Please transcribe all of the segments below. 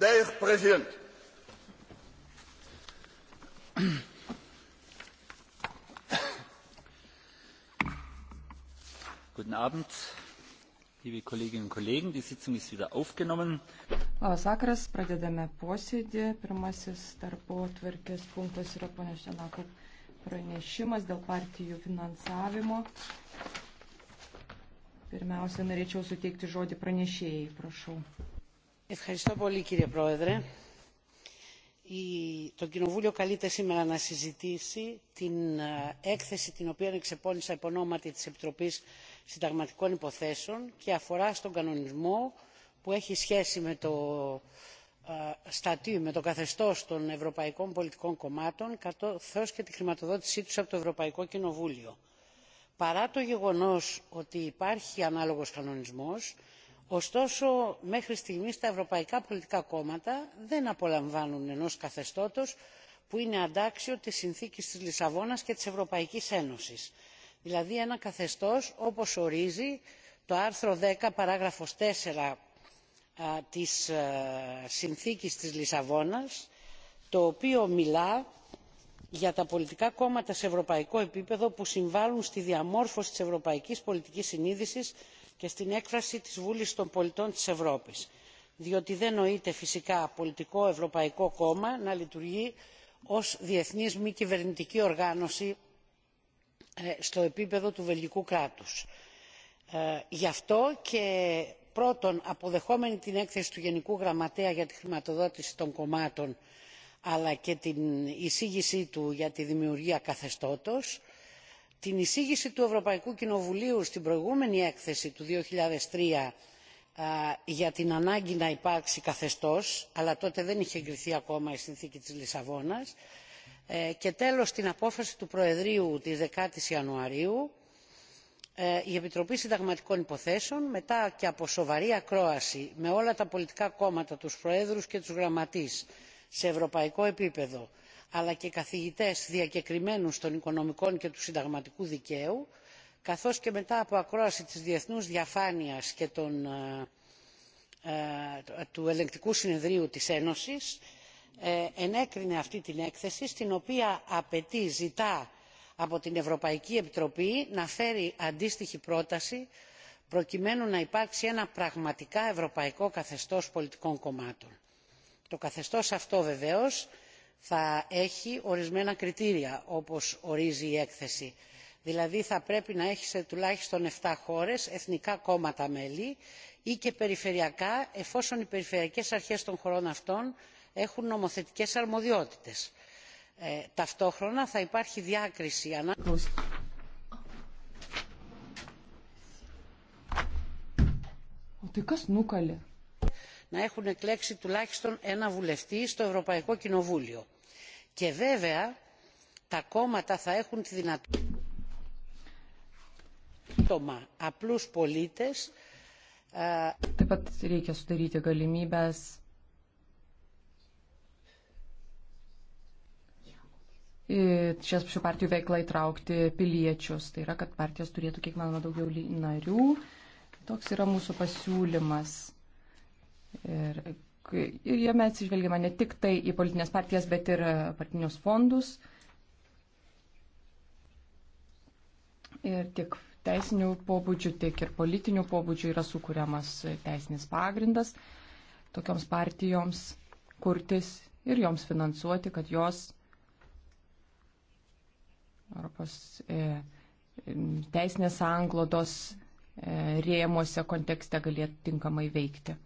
Dear President, Guten Abend, liebe Kolleginnen und Kollegen. Die Sitzung ist wieder aufgenommen. Labas vakaras, pradedame posėdį. Pirmasis darbo tvarkės punktas yra ponios Janako pranešimas dėl partijų finansavimo. Pirmiausia, norėčiau suteikti žodį pranešėjai, prašau. Ευχαριστώ πολύ κύριε Πρόεδρε. Η... Το Κοινοβούλιο καλείται σήμερα να συζητήσει την έκθεση την οποία εξεπώνησα υπ' ονόματι της Επιτροπής Συνταγματικών Υποθέσεων και αφορά στον κανονισμό που έχει σχέση με το στατή με το καθεστώς των ευρωπαϊκών πολιτικών κομμάτων καθώς και τη χρηματοδότησή τους από το Ευρωπαϊκό Κοινοβούλιο. Παρά το γεγονός ότι υπάρχει ανάλογος κανονισμός, ωστόσο μέχρι στιγμής τα ευρωπαϊκά πολιτικά κόμματα δεν απολαμβάνουν ενός καθεστώτος που είναι αντάξιο της συνθήκης της λισαβόνας και της ευρωπαϊκής ένωσης δηλαδή ένα καθεστώς όπως ορίζει το άρθρο 10 παράγραφος 4 της συνθήκης της λισαβόνας το οποίο μιλά για τα πολιτικά κόμματα σε ευρωπαϊκό επίπεδο που συμβάλλουν στη διαμόρφωση της ευρωπαϊκής πολιτικής συνείδησης και στην έκφραση της βούλης των πολιτών της ευρώπης διότι δεν νοείται φυσικά πολιτικό ευρωπαϊκό κόμμα να λειτουργεί ως διεθνής μη κυβερνητική οργάνωση στο επίπεδο του βελγικού κράτους. γι' αυτό και πρώτον αποδεχόμενοι την έκθεση του γενικού γραμματέα για τη χρηματοδότηση των κομμάτων αλλά και την εισήγησή του για τη δημιουργία καθεστώτος την εισήγηση του ευρωπαϊκού κοινοβουλίου στην προηγούμενη έκθεση του δύο χιλιάδες τρία για την ανάγκη να υπάρξει καθεστώς αλλά τότε δεν είχε εγκριθεί ακόμα η συνθήκη της λισαβόνας και τέλος την απόφαση του προεδρείου της 10ης Ιανουαρίου η Επιτροπή Συνταγματικών Υποθέσεων μετά και από σοβαρή ακρόαση με όλα τα πολιτικά κόμματα, τους προέδρους και τους γραμματείς σε ευρωπαϊκό επίπεδο αλλά και καθηγητές διακεκριμένους των οικονομικών και του συνταγματικού δικαίου καθώς και μετά από ακρόαση της διεθνούς διαφάνειας και των, ε, του ελεγκτικού συνεδρίου της ένωσης ε, ενέκρινε αυτή την έκθεση στην οποία απαιτεί ζητά από την ευρωπαϊκή επιτροπή να φέρει αντίστοιχη πρόταση προκειμένου να υπάρξει ένα πραγματικά ευρωπαϊκό καθεστώς πολιτικών κομμάτων. το καθεστώς αυτό βεβαίως θα έχει ορισμένα κριτήρια όπως ορίζει η έκθεση δηλαδή θα πρέπει να έχει σε τουλάχιστον εφτά χώρες εθνικά κόμματα μέλη ή και περιφερειακά εφόσον οι περιφερειακές αρχές των χωρών αυτών έχουν νομοθετικές αρμοδιότητες. Ε, ταυτόχρονα θα υπάρχει διάκριση ανάμεσα O tai kas nukalė? να έχουν εκλέξει τουλάχιστον έναν βουλευτή στο ευρωπαϊκό κοινοβούλιο και βέβαια τα κόμματα θα έχουν τη δυνατότητα σύντομα απλούς πολίτες Taip pat reikia sudaryti galimybės šias šių partijų veiklą įtraukti piliečius. Tai yra, kad partijos turėtų kiek manoma daugiau narių. Toks yra mūsų pasiūlymas. Ir, ir jame atsižvelgiama ne tik tai į politinės partijas, bet ir e, partinius fondus. Ir tiek teisinių pobūdžių, tiek ir politinių pobūdžių yra sukūriamas teisinis pagrindas tokioms partijoms kurtis ir joms finansuoti, kad jos Europos e, teisinės anglodos e, rėmuose kontekste galėtų tinkamai veikti.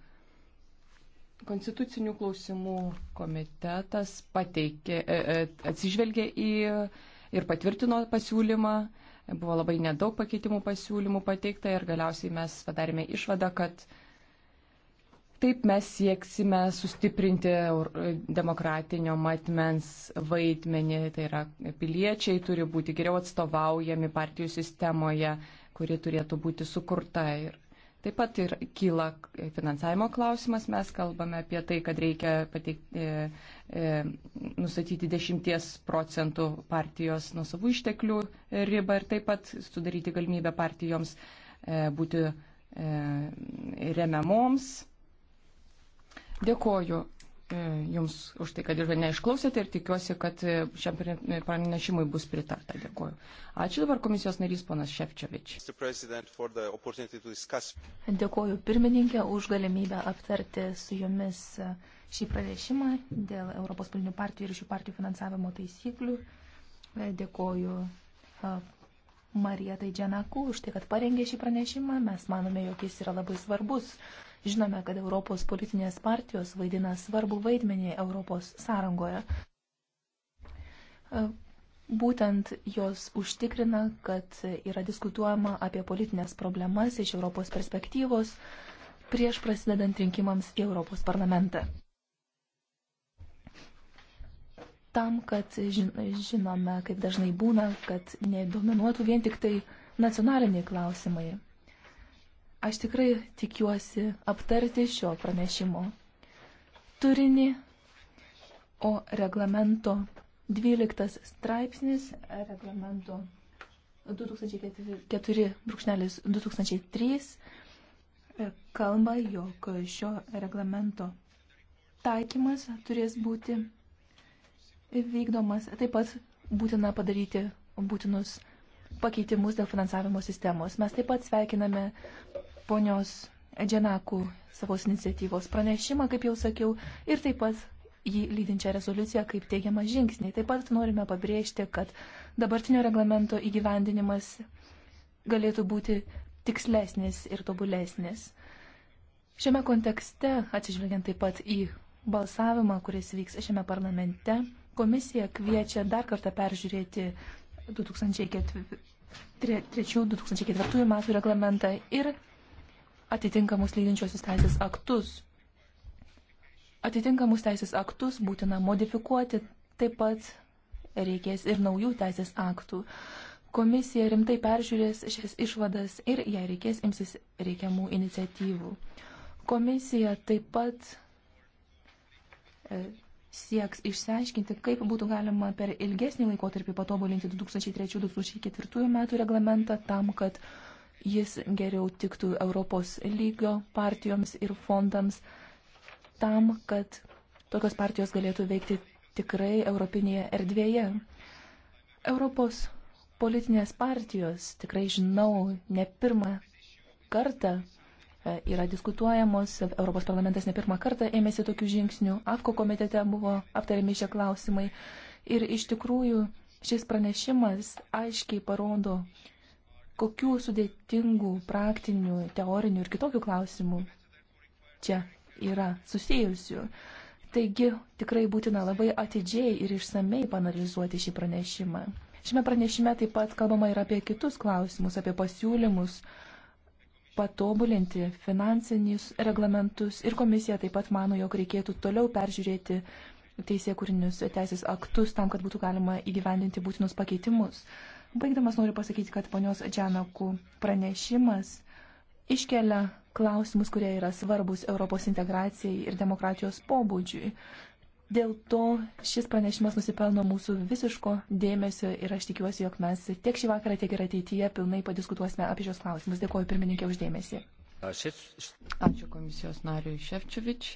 Konstitucinių klausimų komitetas pateikė, e, e, atsižvelgė į ir patvirtino pasiūlymą. Buvo labai nedaug pakeitimų pasiūlymų pateikta ir galiausiai mes padarėme išvadą, kad taip mes sieksime sustiprinti demokratinio matmens vaidmenį, tai yra piliečiai turi būti geriau atstovaujami partijų sistemoje, kuri turėtų būti sukurta. Ir Taip pat ir kyla finansavimo klausimas. Mes kalbame apie tai, kad reikia pateikti, e, e, nustatyti 10 procentų partijos nuo savų išteklių ribą ir taip pat sudaryti galimybę partijoms e, būti e, remiamoms. Dėkoju E, jums už tai, kad ir neišklausėte ir tikiuosi, kad e, šiam e, pranešimui bus pritarta. Dėkuoju. Ačiū dabar komisijos narys ponas Šefčiovič. Dėkuoju pirmininkė už galimybę aptarti su jumis šį pranešimą dėl Europos politinių partijų ir šių partijų finansavimo taisyklių. Dėkuoju Marija Taidžianaku už tai, kad parengė šį pranešimą. Mes manome, jog jis yra labai svarbus Žinome, kad Europos politinės partijos vaidina svarbu vaidmenį Europos sąrangoje. Būtent jos užtikrina, kad yra diskutuojama apie politinės problemas iš Europos perspektyvos prieš prasidedant rinkimams į Europos parlamentą. Tam, kad žinome, kaip dažnai būna, kad nedominuotų vien tik tai nacionaliniai klausimai. Aš tikrai tikiuosi aptarti šio pranešimo turinį, o reglamento 12 straipsnis, reglamento 2004-2003 kalba, jog šio reglamento taikymas turės būti vykdomas. Taip pat būtina padaryti būtinus pakeitimus dėl finansavimo sistemos. Mes taip pat sveikiname ponios Dženakų savos iniciatyvos pranešimą, kaip jau sakiau, ir taip pat jį lydinčią rezoliuciją kaip teigiamą žingsnį. Taip pat norime pabrėžti, kad dabartinio reglamento įgyvendinimas galėtų būti tikslesnis ir tobulesnis. Šiame kontekste, atsižvelgiant taip pat į balsavimą, kuris vyks šiame parlamente, komisija kviečia dar kartą peržiūrėti 2003-2004 metų reglamentą ir atitinkamus lydinčiosius teisės aktus. Atitinkamus teisės aktus būtina modifikuoti, taip pat reikės ir naujų teisės aktų. Komisija rimtai peržiūrės šias išvadas ir jei reikės imsis reikiamų iniciatyvų. Komisija taip pat e, sieks išsiaiškinti, kaip būtų galima per ilgesnį laikotarpį patobulinti 2003-2004 metų reglamentą tam, kad Jis geriau tiktų Europos lygio partijoms ir fondams tam, kad tokios partijos galėtų veikti tikrai europinėje erdvėje. Europos politinės partijos, tikrai žinau, ne pirmą kartą e, yra diskutuojamos, Europos parlamentas ne pirmą kartą ėmėsi tokių žingsnių, AFKO komitete buvo aptariami šie klausimai ir iš tikrųjų šis pranešimas aiškiai parodo, kokių sudėtingų praktinių, teorinių ir kitokių klausimų čia yra susijusių. Taigi tikrai būtina labai atidžiai ir išsamei panalizuoti šį pranešimą. Šiame pranešime taip pat kalbama ir apie kitus klausimus, apie pasiūlymus patobulinti finansinius reglamentus ir komisija taip pat mano, jog reikėtų toliau peržiūrėti teisėkurinius teisės aktus tam, kad būtų galima įgyvendinti būtinus pakeitimus. Baigdamas noriu pasakyti, kad ponios Džanakų pranešimas iškelia klausimus, kurie yra svarbus Europos integracijai ir demokratijos pobūdžiui. Dėl to šis pranešimas nusipelno mūsų visiško dėmesio ir aš tikiuosi, jog mes tiek šį vakarą, tiek ir ateityje pilnai padiskutuosime apie šios klausimus. Dėkuoju pirmininkė uždėmesį. Ačiū komisijos nariui Ševčiovič.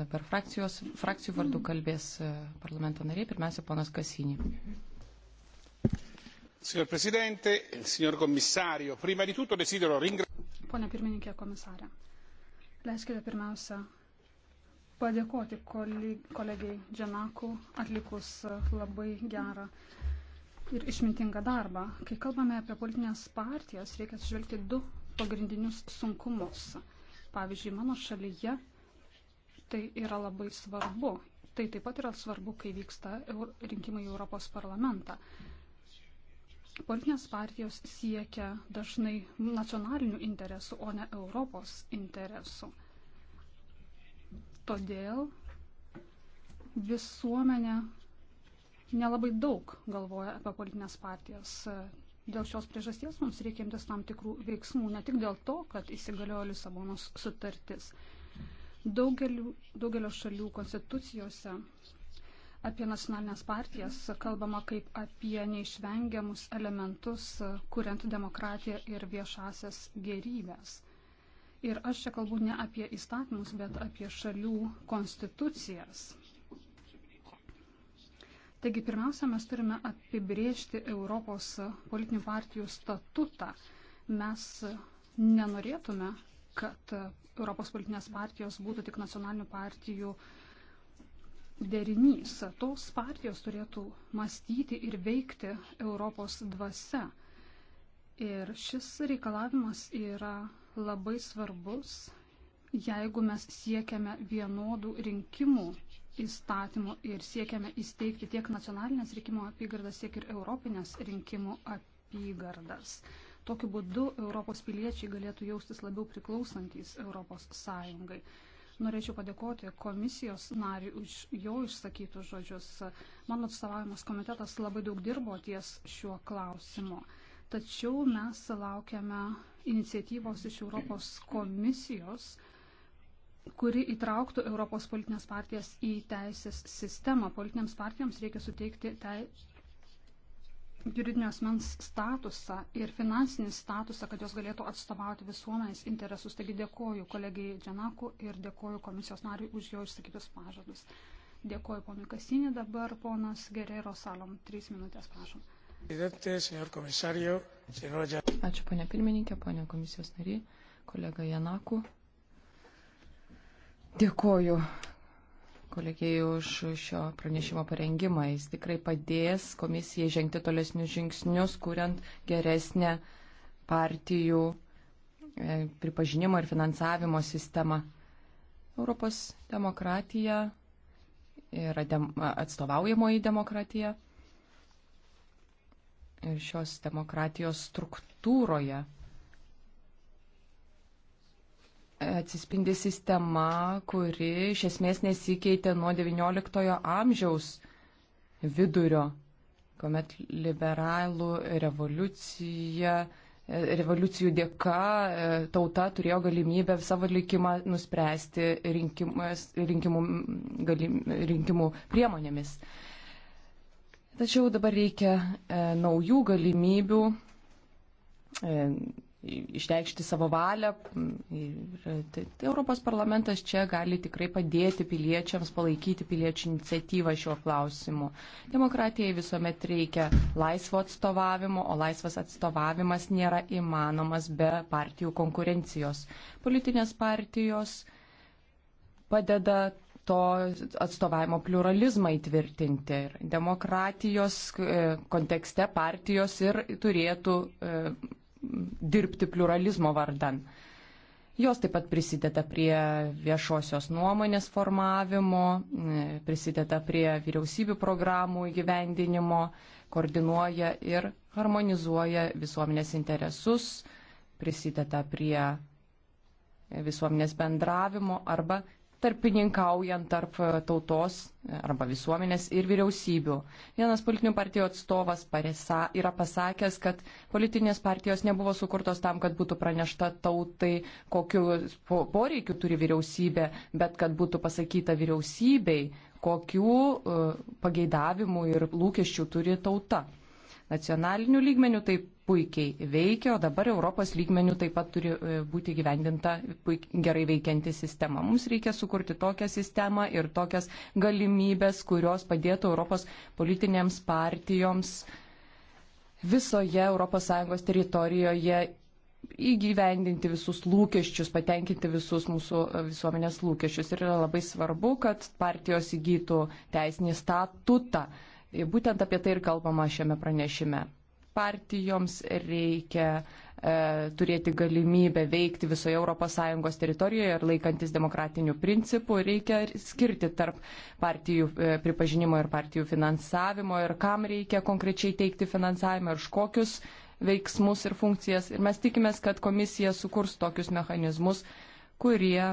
Dabar frakcijos, frakcijų vardu kalbės e, parlamento nariai, pirmiausia, ponas Kasinį signor presidente signor commissario prima di tutto desidero ringraziare. leiskite pirmiausia padėkoti kolegei giannakou atlikus labai gerą ir išmintingą darbą. Kai kalbame apie politinės partijas, reikia atsižvelgti du pagrindinius sunkumus. Pavyzdžiui, mano šalyje tai yra labai svarbu. Tai taip pat yra svarbu, kai vyksta rinkimai į Europos parlamentą. Politinės partijos siekia dažnai nacionalinių interesų, o ne Europos interesų. Todėl visuomenė nelabai daug galvoja apie politinės partijas. Dėl šios priežasties mums reikia imtis tam tikrų veiksmų, ne tik dėl to, kad įsigaliojo Lisabonos sutartis. Daugeliu, daugelio šalių konstitucijose apie nacionalinės partijas kalbama kaip apie neišvengiamus elementus, kuriant demokratiją ir viešasias gerybės. Ir aš čia kalbu ne apie įstatymus, bet apie šalių konstitucijas. Taigi pirmiausia, mes turime apibriežti Europos politinių partijų statutą. Mes nenorėtume, kad Europos politinės partijos būtų tik nacionalinių partijų uh, derinys. Tos partijos turėtų mąstyti ir veikti Europos dvasia. Ir šis reikalavimas yra labai svarbus, jeigu mes siekiame vienodų rinkimų įstatymų ir siekiame įsteigti tiek nacionalinės rinkimų apygardas, tiek ir Europinės rinkimų apygardas. Tokiu būdu Europos piliečiai galėtų jaustis labiau priklausantis Europos Sąjungai. Norėčiau padėkoti komisijos nariui už jo išsakytus žodžius. Mano atstovavimas komitetas labai daug dirbo ties šiuo klausimu. Tačiau mes laukiame iniciatyvos iš Europos komisijos, kuri įtrauktų Europos politinės partijas į teisės sistemą. Politinėms partijoms reikia suteikti tei juridinio asmens statusą ir finansinį statusą, kad jos galėtų atstovauti visuomenės interesus. Taigi dėkoju kolegijai Džanaku ir dėkoju komisijos nariui už jo išsakytus pažadus. Dėkoju ponui Kasinį, dabar ponas Gerero Salom, trys minutės prašom. Ačiū ponia pirmininkė, ponia komisijos nariai, kolega Janaku. Dėkoju kolegijai už šio pranešimo parengimą. Jis tikrai padės komisijai žengti tolesnius žingsnius, kuriant geresnę partijų e, pripažinimo ir finansavimo sistemą. Europos demokratija yra dem, atstovaujamoji demokratija. Ir šios demokratijos struktūroje atsispindi sistema, kuri iš esmės nesikeitė nuo XIX amžiaus vidurio, kuomet liberalų revoliucija, e, revoliucijų dėka e, tauta turėjo galimybę savo likimą nuspręsti rinkimų, rinkimų, galim, rinkimų priemonėmis. Tačiau dabar reikia e, naujų galimybių e, išreikšti savo valią. Ir tai, tai Europos parlamentas čia gali tikrai padėti piliečiams, palaikyti piliečių iniciatyvą šiuo klausimu. Demokratijai visuomet reikia laisvo atstovavimo, o laisvas atstovavimas nėra įmanomas be partijų konkurencijos. Politinės partijos padeda to atstovavimo pluralizmą įtvirtinti. Ir demokratijos e, kontekste partijos ir turėtų e, dirbti pluralizmo vardan. Jos taip pat prisideda prie viešosios nuomonės formavimo, prisideda prie vyriausybių programų įgyvendinimo, koordinuoja ir harmonizuoja visuomenės interesus, prisideda prie visuomenės bendravimo arba tarpininkaujant tarp e, tautos e, arba visuomenės ir vyriausybių. Vienas politinių partijų atstovas parisa, yra pasakęs, kad politinės partijos nebuvo sukurtos tam, kad būtų pranešta tautai, kokiu poreikiu turi vyriausybė, bet kad būtų pasakyta vyriausybei, kokiu e, pageidavimu ir lūkesčiu turi tauta. Nacionalinių lygmenių tai puikiai veikia, o dabar Europos lygmenių taip pat turi e, būti gyvendinta puik, gerai veikianti sistema. Mums reikia sukurti tokią sistemą ir tokias galimybės, kurios padėtų Europos politinėms partijoms visoje ES teritorijoje įgyvendinti visus lūkesčius, patenkinti visus mūsų e, visuomenės lūkesčius. Ir yra labai svarbu, kad partijos įgytų teisinį statutą Būtent apie tai ir kalbama šiame pranešime. Partijoms reikia e, turėti galimybę veikti visoje ES teritorijoje ir laikantis demokratinių principų, reikia skirti tarp partijų e, pripažinimo ir partijų finansavimo ir kam reikia konkrečiai teikti finansavimą ir kokius veiksmus ir funkcijas. Ir mes tikimės, kad komisija sukurs tokius mechanizmus, kurie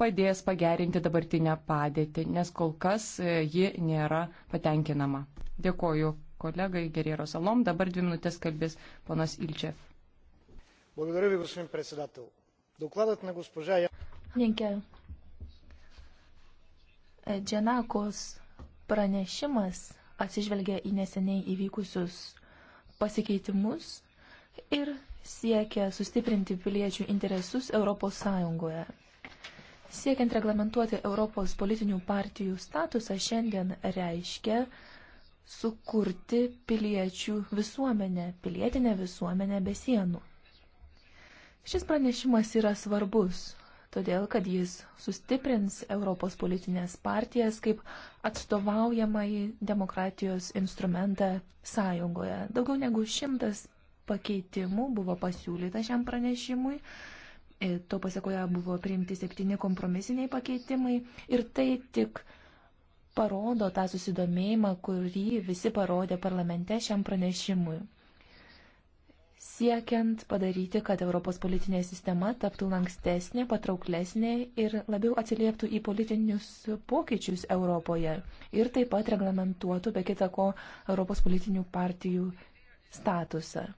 padės pagerinti dabartinę padėtį, nes kol kas e, ji nėra patenkinama. Dėkoju kolegai Gerėro Salom. Dabar dvi minutės kalbės ponas Ilčev. Ninkė. Dženakos pranešimas atsižvelgia į neseniai įvykusius pasikeitimus ir siekia sustiprinti piliečių interesus Europos Sąjungoje. Siekiant reglamentuoti Europos politinių partijų statusą šiandien reiškia sukurti piliečių visuomenę, pilietinę visuomenę be sienų. Šis pranešimas yra svarbus, todėl kad jis sustiprins Europos politinės partijas kaip atstovaujamąjį demokratijos instrumentą sąjungoje. Daugiau negu šimtas pakeitimų buvo pasiūlyta šiam pranešimui. E, to pasiekoje buvo priimti septyni kompromisiniai pakeitimai ir tai tik parodo tą susidomėjimą, kurį visi parodė parlamente šiam pranešimui. Siekiant padaryti, kad Europos politinė sistema taptų lankstesnė, patrauklesnė ir labiau atsilieptų į politinius pokyčius Europoje ir taip pat reglamentuotų be kitako Europos politinių partijų statusą.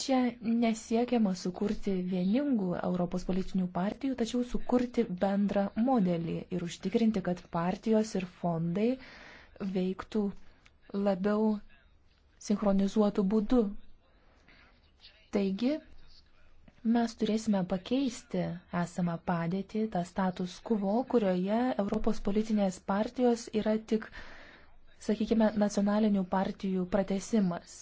Čia nesiekiama sukurti vieningų Europos politinių partijų, tačiau sukurti bendrą modelį ir užtikrinti, kad partijos ir fondai veiktų labiau sinchronizuotų būdų. Taigi, mes turėsime pakeisti esamą padėtį, tą status quo, kurioje Europos politinės partijos yra tik, sakykime, nacionalinių partijų pratesimas.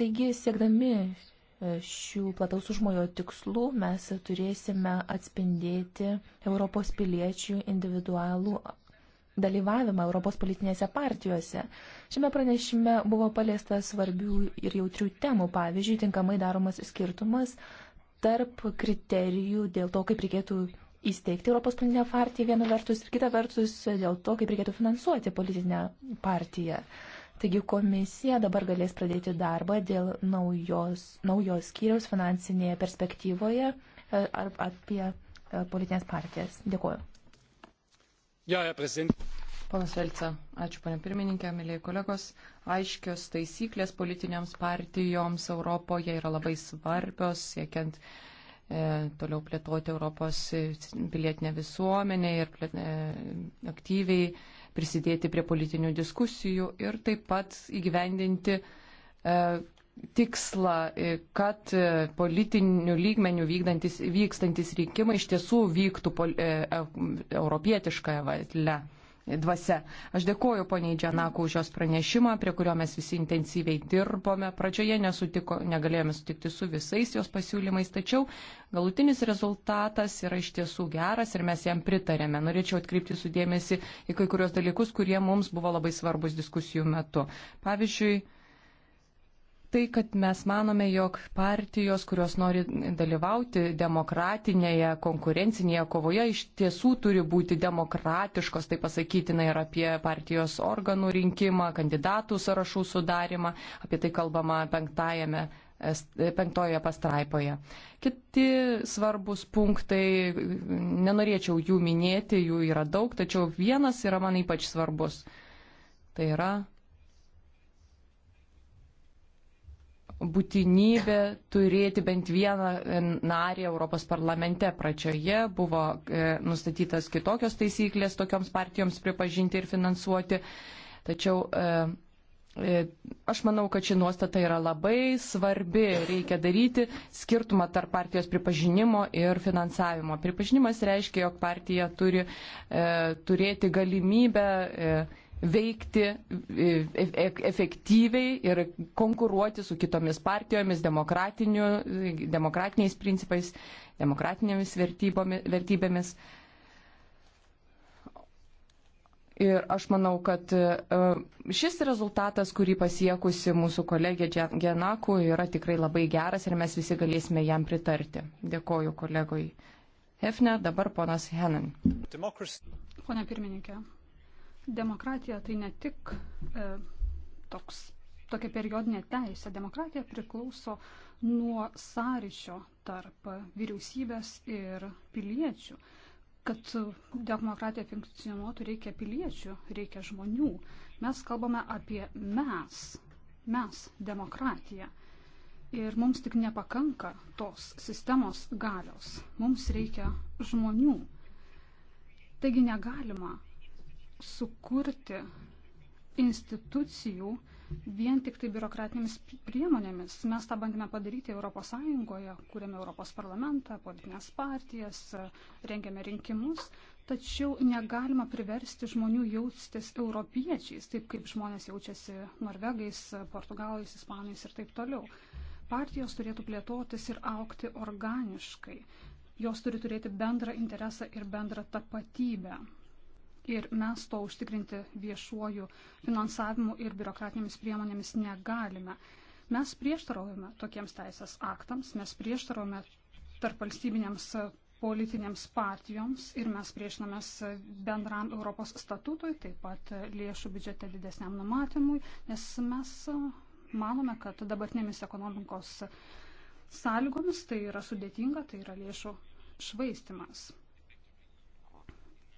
Taigi, siekdami e, šių plataus užmojo tikslų, mes turėsime atspindėti Europos piliečių individualų dalyvavimą Europos politinėse partijose. Šiame pranešime buvo paliesta svarbių ir jautrių temų, pavyzdžiui, tinkamai daromas skirtumas tarp kriterijų dėl to, kaip reikėtų įsteigti Europos politinę partiją viena vertus ir kita vertus dėl to, kaip reikėtų finansuoti politinę partiją. Taigi komisija dabar galės pradėti darbą dėl naujos, naujos skyriaus finansinėje perspektyvoje e, ar apie e, politinės partijas. Dėkuoju. Ja, Ponas Velca, ačiū ponė pirmininkė, mėlyje kolegos. Aiškios taisyklės politinėms partijoms Europoje yra labai svarbios, siekiant e, toliau plėtoti Europos pilietinę visuomenę ir plėt, e, aktyviai prisidėti prie politinių diskusijų ir taip pat įgyvendinti e, tikslą, e, kad e, politinių lygmenių vykstantis rinkimai iš tiesų vyktų europietiškąją valdžią dvasia. Aš dėkoju poniai Džanaku už jos pranešimą, prie kurio mes visi intensyviai dirbome. Pradžioje nesutiko, negalėjome sutikti su visais jos pasiūlymais, tačiau galutinis rezultatas yra iš tiesų geras ir mes jam pritarėme. Norėčiau atkreipti sudėmėsi į kai kurios dalykus, kurie mums buvo labai svarbus diskusijų metu. Pavyzdžiui, tai, kad mes manome, jog partijos, kurios nori dalyvauti demokratinėje, konkurencinėje kovoje, iš tiesų turi būti demokratiškos, tai pasakytina ir apie partijos organų rinkimą, kandidatų sąrašų sudarimą, apie tai kalbama penktajame penktojoje pastraipoje. Kiti svarbus punktai, nenorėčiau jų minėti, jų yra daug, tačiau vienas yra man ypač svarbus. Tai yra būtinybė turėti bent vieną narį Europos parlamente. Pradžioje buvo e, nustatytas kitokios taisyklės tokioms partijoms pripažinti ir finansuoti. Tačiau e, e, Aš manau, kad ši nuostata yra labai svarbi. Reikia daryti skirtumą tarp partijos pripažinimo ir finansavimo. Pripažinimas reiškia, jog partija turi e, turėti galimybę e, veikti e, e, e, efektyviai ir konkuruoti su kitomis partijomis demokratiniais principais, demokratinėmis vertybėmis. Ir aš manau, kad šis rezultatas, kurį pasiekusi mūsų kolegė Genaku, yra tikrai labai geras ir mes visi galėsime jam pritarti. Dėkoju kolegoj Hefner, dabar ponas Henan. Pone pirmininkė, Demokratija tai ne tik e, toks, tokia periodinė teisė. Demokratija priklauso nuo sąryšio tarp vyriausybės ir piliečių. Kad demokratija funkcionuotų, reikia piliečių, reikia žmonių. Mes kalbame apie mes, mes demokratiją. Ir mums tik nepakanka tos sistemos galios. Mums reikia žmonių. Taigi negalima sukurti institucijų vien tik tai biurokratinėmis priemonėmis. Mes tą bandėme padaryti ES, kūrėme Europos parlamentą, politinės partijas, rengėme rinkimus, tačiau negalima priversti žmonių jaustis europiečiais, taip kaip žmonės jaučiasi norvegais, portugalais, ispanais ir taip toliau. Partijos turėtų plėtotis ir aukti organiškai. Jos turi turėti bendrą interesą ir bendrą tapatybę. Ir mes to užtikrinti viešuoju finansavimu ir biurokratinėmis priemonėmis negalime. Mes prieštaraujame tokiems teisės aktams, mes prieštaraujame tarp valstybinėms politinėms partijoms ir mes priešinamės bendram Europos statutui, taip pat lėšų biudžete didesniam numatymui, nes mes manome, kad dabartinėmis ekonomikos sąlygomis tai yra sudėtinga, tai yra lėšų švaistimas.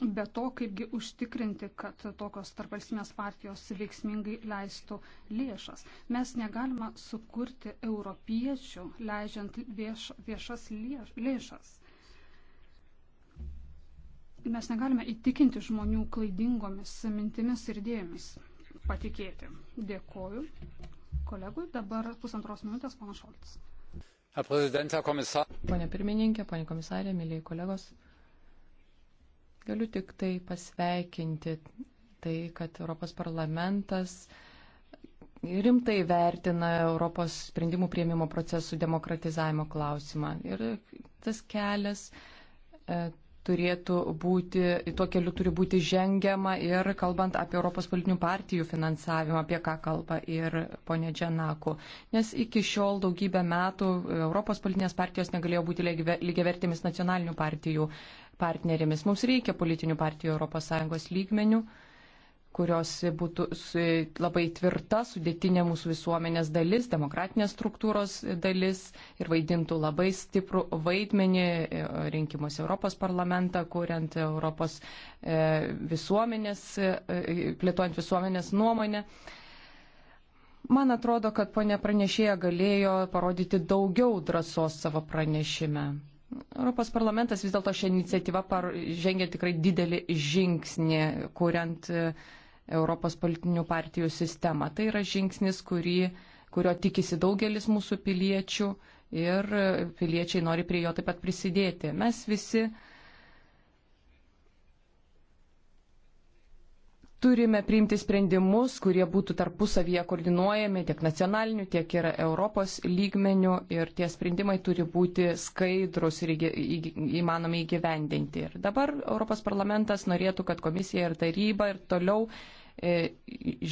Be to, kaipgi užtikrinti, kad tokios tarpvalstybinės partijos veiksmingai leistų lėšas. Mes negalime sukurti europiečių, leidžiant vieš, viešas lėš, lėšas. Mes negalime įtikinti žmonių klaidingomis mintimis ir dėjomis patikėti. Dėkoju kolegui. Dabar pusantros minutės panašoltis. Pone pirmininkė, pone komisarė, mėlyje kolegos. Galiu tik tai pasveikinti tai, kad Europos parlamentas rimtai vertina Europos sprendimų prieimimo procesų demokratizavimo klausimą. Ir tas kelias e, turėtų būti, tuo keliu turi būti žengiama ir kalbant apie Europos politinių partijų finansavimą, apie ką kalba ir ponė Džanaku. Nes iki šiol daugybę metų Europos politinės partijos negalėjo būti lygiavertėmis nacionalinių partijų partnerėmis. Mums reikia politinių partijų ES lygmenių, kurios būtų labai tvirta, sudėtinė mūsų visuomenės dalis, demokratinės struktūros dalis ir vaidintų labai stiprų vaidmenį e, rinkimuose Europos parlamentą, kuriant Europos e, visuomenės, e, plėtojant visuomenės nuomonę. Man atrodo, kad ponė pranešėja galėjo parodyti daugiau drąsos savo pranešime. Europos parlamentas vis dėlto šią iniciatyvą žengia tikrai didelį žingsnį, kuriant e, Europos politinių partijų sistemą. Tai yra žingsnis, kurį, kurio tikisi daugelis mūsų piliečių ir e, piliečiai nori prie jo taip pat prisidėti. Mes visi uh, turime priimti sprendimus, kurie būtų tarpusavyje koordinuojami tiek nacionaliniu, tiek ir Europos lygmeniu ir tie sprendimai turi būti skaidrus ir įmanomi įgyvendinti. Ir dabar Europos parlamentas norėtų, kad komisija ir taryba ir toliau e,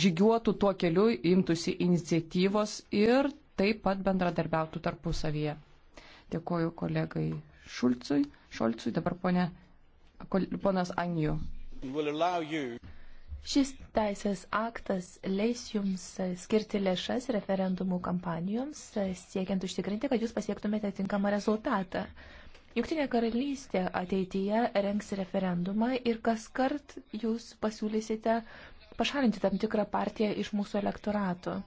žygiuotų tuo keliu, imtųsi iniciatyvos ir taip pat bendradarbiautų tarpusavyje. Dėkoju kolegai Šulcui. Šulcui dabar ponė, ponas Anjų. Šis teisės aktas leis jums skirti lėšas referendumų kampanijoms, siekiant užtikrinti, kad jūs pasiektumėte tinkamą rezultatą. Jungtinė karalystė ateityje rengs referendumą ir kas kart jūs pasiūlysite pašalinti tam tikrą partiją iš mūsų elektorato.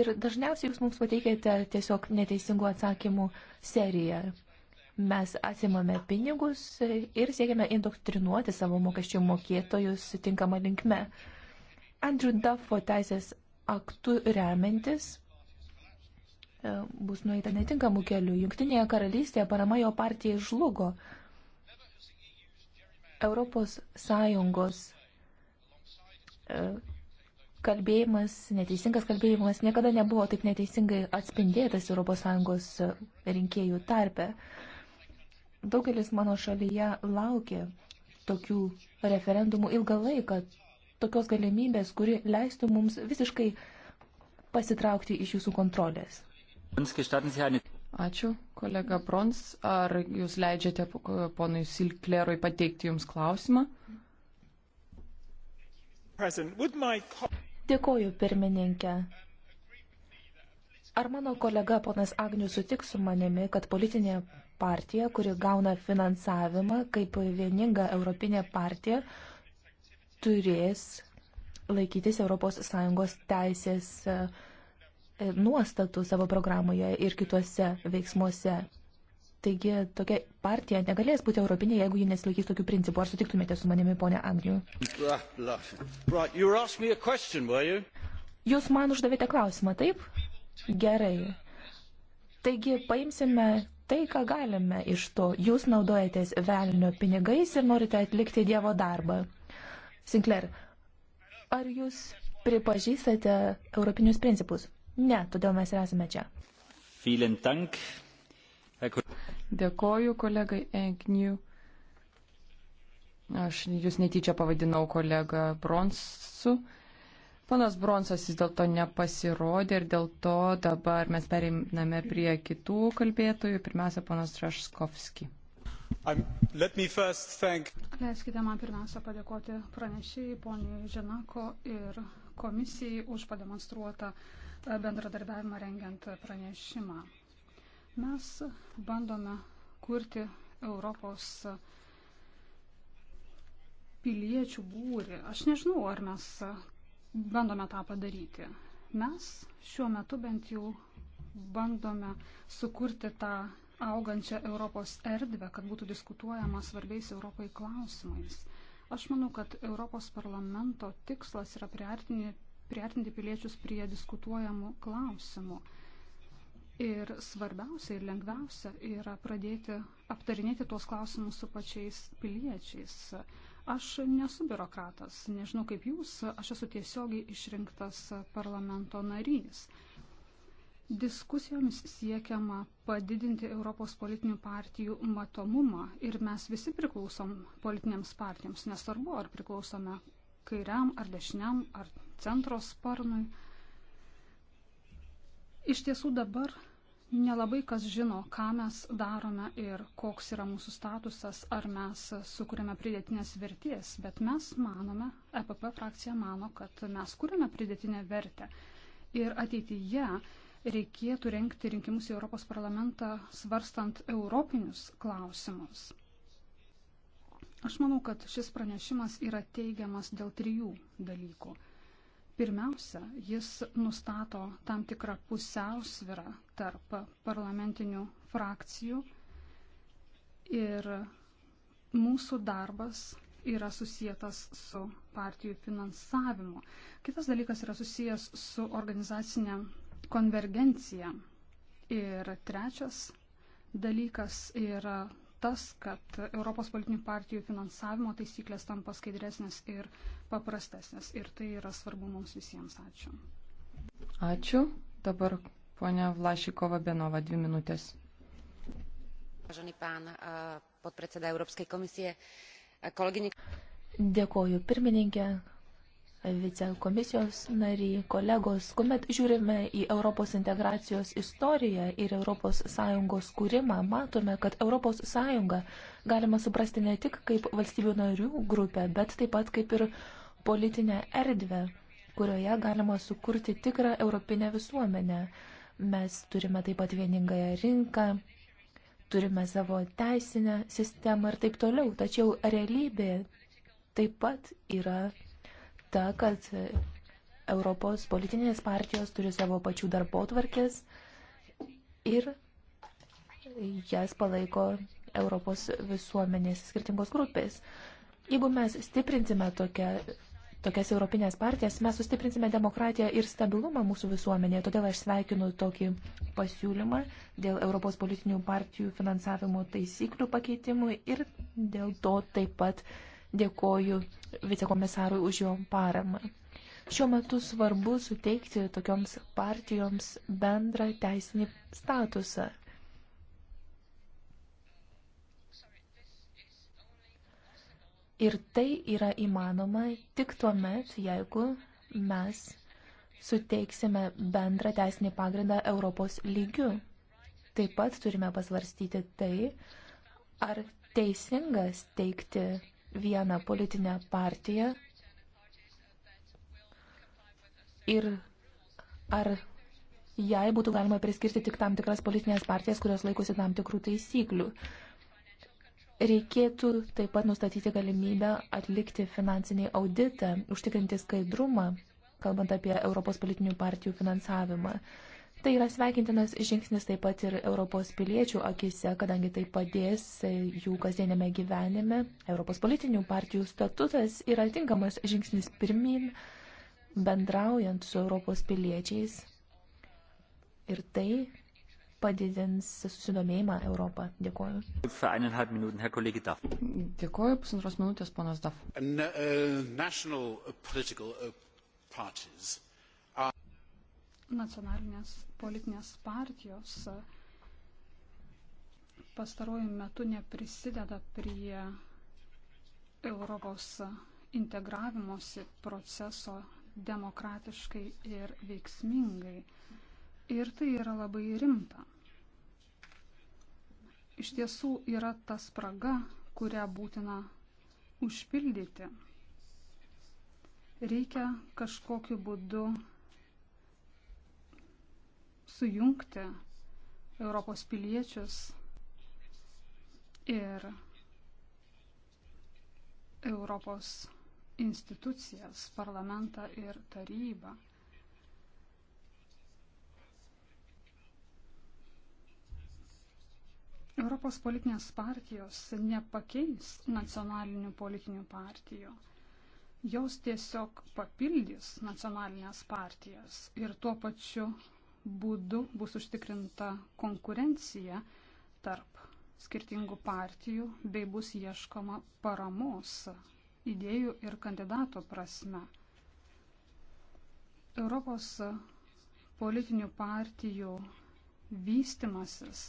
Ir dažniausiai jūs mums pateikėte tiesiog neteisingų atsakymų seriją. Mes atimame pinigus ir siekiame indoktrinuoti savo mokesčių mokėtojus tinkamą linkme. Andrew Duffo teisės aktų remiantis e, bus nueita netinkamų kelių. Junktinėje karalystėje parama jo partijai žlugo. Europos Sąjungos e, kalbėjimas, neteisingas kalbėjimas niekada nebuvo taip neteisingai atspindėtas Europos Sąjungos rinkėjų tarpe. Daugelis mano šalyje laukė tokių referendumų ilgą laiką, tokios galimybės, kuri leistų mums visiškai pasitraukti iš jūsų kontrolės. Ačiū, kolega Brons. Ar jūs leidžiate ponui Silklerui pateikti jums klausimą? Dėkoju, pirmininkė. Ar mano kolega ponas Agnius sutiks su manimi, kad politinė partija, kuri gauna finansavimą kaip vieninga Europinė partija, turės laikytis ES teisės e, nuostatų savo programoje ir kituose veiksmuose. Taigi tokia partija negalės būti europinė, jeigu ji nesilaikys tokių principų. Ar sutiktumėte su manimi, ponia Andriu? Jūs man uždavėte klausimą, taip? Gerai. Taigi paimsime tai, ką galime iš to. Jūs naudojatės velnio pinigais ir norite atlikti Dievo darbą. Sinclair, ar jūs pripažįstate europinius principus? Ne, todėl mes ir esame čia. Dėkoju kolegai Enkniu. Aš jūs netyčia pavadinau kolegą Bronsu. Ponas Bronsas vis dėlto nepasirodė ir dėl to dabar mes pereiname prie kitų kalbėtojų. Pirmiausia, ponas Traškovski. Thank... Leiskite man pirmiausia padėkoti pranešėjai, poniai Žinako ir komisijai už pademonstruotą e, bendradarbiavimą rengiant pranešimą. Mes bandome kurti Europos piliečių būrį. Aš nežinau, ar mes bandome tą padaryti. Mes šiuo metu bent jau bandome sukurti tą augančią Europos erdvę, kad būtų diskutuojama svarbiais Europai klausimais. Aš manau, kad Europos parlamento tikslas yra priartinti, priartinti piliečius prie diskutuojamų klausimų. Ir svarbiausia ir lengviausia yra pradėti aptarinėti tuos klausimus su pačiais piliečiais. Aš nesu biurokratas, nežinau kaip jūs, aš esu tiesiogiai išrinktas parlamento narys. Diskusijomis siekiama padidinti Europos politinių partijų matomumą ir mes visi priklausom politinėms partijoms, nesvarbu, ar priklausome kairiam, ar dešiniam, ar centro sparnui. Iš tiesų dabar Nelabai kas žino, ką mes darome ir koks yra mūsų statusas, ar mes sukūrėme pridėtinės vertės, bet mes manome, EPP frakcija mano, kad mes kūrėme pridėtinę vertę. Ir ateityje reikėtų renkti rinkimus į Europos parlamentą svarstant europinius klausimus. Aš manau, kad šis pranešimas yra teigiamas dėl trijų dalykų. Pirmiausia, jis nustato tam tikrą pusiausvirą tarp parlamentinių frakcijų ir mūsų darbas yra susijęs su partijų finansavimu. Kitas dalykas yra susijęs su organizacinė konvergencija. Ir trečias dalykas yra tas, kad Europos politinių partijų finansavimo taisyklės tampa skaidresnės ir paprastesnės. Ir tai yra svarbu mums visiems. Ačiū. Ačiū. Dabar ponia Vlašikova Benova, dvi minutės. Vážený pán e, podpredseda Európskej komisie, e, kolegyni. Dėkoju pirmininkė, vicekomisijos nariai, kolegos, kuomet žiūrime į Europos integracijos istoriją ir ES kūrimą, matome, kad ES galima suprasti ne tik kaip valstybių narių grupę, bet taip pat kaip ir politinę erdvę, kurioje galima sukurti tikrą europinę visuomenę. Mes turime taip pat vieningąją rinką, turime savo teisinę sistemą ir taip toliau. Tačiau realybė taip pat yra ta, kad Europos politinės partijos turi savo pačių darbo tvarkės ir jas palaiko Europos visuomenės skirtingos grupės. Jeigu mes stiprinsime tokia, tokias europinės partijas, mes sustiprinsime demokratiją ir stabilumą mūsų visuomenėje. Todėl aš sveikinu tokį pasiūlymą dėl Europos politinių partijų finansavimo taisyklių pakeitimų ir dėl to taip pat uh, Dėkoju vicekomisarui už jo paramą. Šiuo metu svarbu suteikti tokioms partijoms bendrą teisinį statusą. Ir tai yra įmanoma tik tuo met, jeigu mes suteiksime bendrą teisinį pagrindą Europos lygių. Taip pat turime pasvarstyti tai, ar teisingas teikti vieną politinę partiją ir ar jai būtų galima priskirti tik tam tikras politinės partijas, kurios laikosi tam tikrų taisyklių. Reikėtų taip pat nustatyti galimybę atlikti finansinį auditą, užtikrinti skaidrumą, kalbant apie Europos politinių partijų finansavimą. Tai yra sveikintinas žingsnis taip pat ir Europos piliečių akise, kadangi tai padės jų kasdienėme gyvenime. Europos politinių partijų statutas yra tinkamas žingsnis pirmin, bendraujant su Europos piliečiais. Ir tai padidins susidomėjimą Europą. Dėkuoju. Dėkuoju, pusantros minutės, ponas Daf. Na, uh, nacionalinės politinės partijos pastaruoju metu neprisideda prie Europos integravimosi proceso demokratiškai ir veiksmingai. Ir tai yra labai rimta. Iš tiesų yra ta spraga, kurią būtina užpildyti. Reikia kažkokiu būdu sujungti Europos piliečius ir Europos institucijas, parlamentą ir tarybą. Europos politinės partijos nepakeis nacionalinių politinių partijų. Jos tiesiog papildys nacionalinės partijas ir tuo pačiu būdu bus užtikrinta konkurencija tarp skirtingų partijų bei bus ieškoma paramos idėjų ir kandidato prasme. Europos politinių partijų vystimasis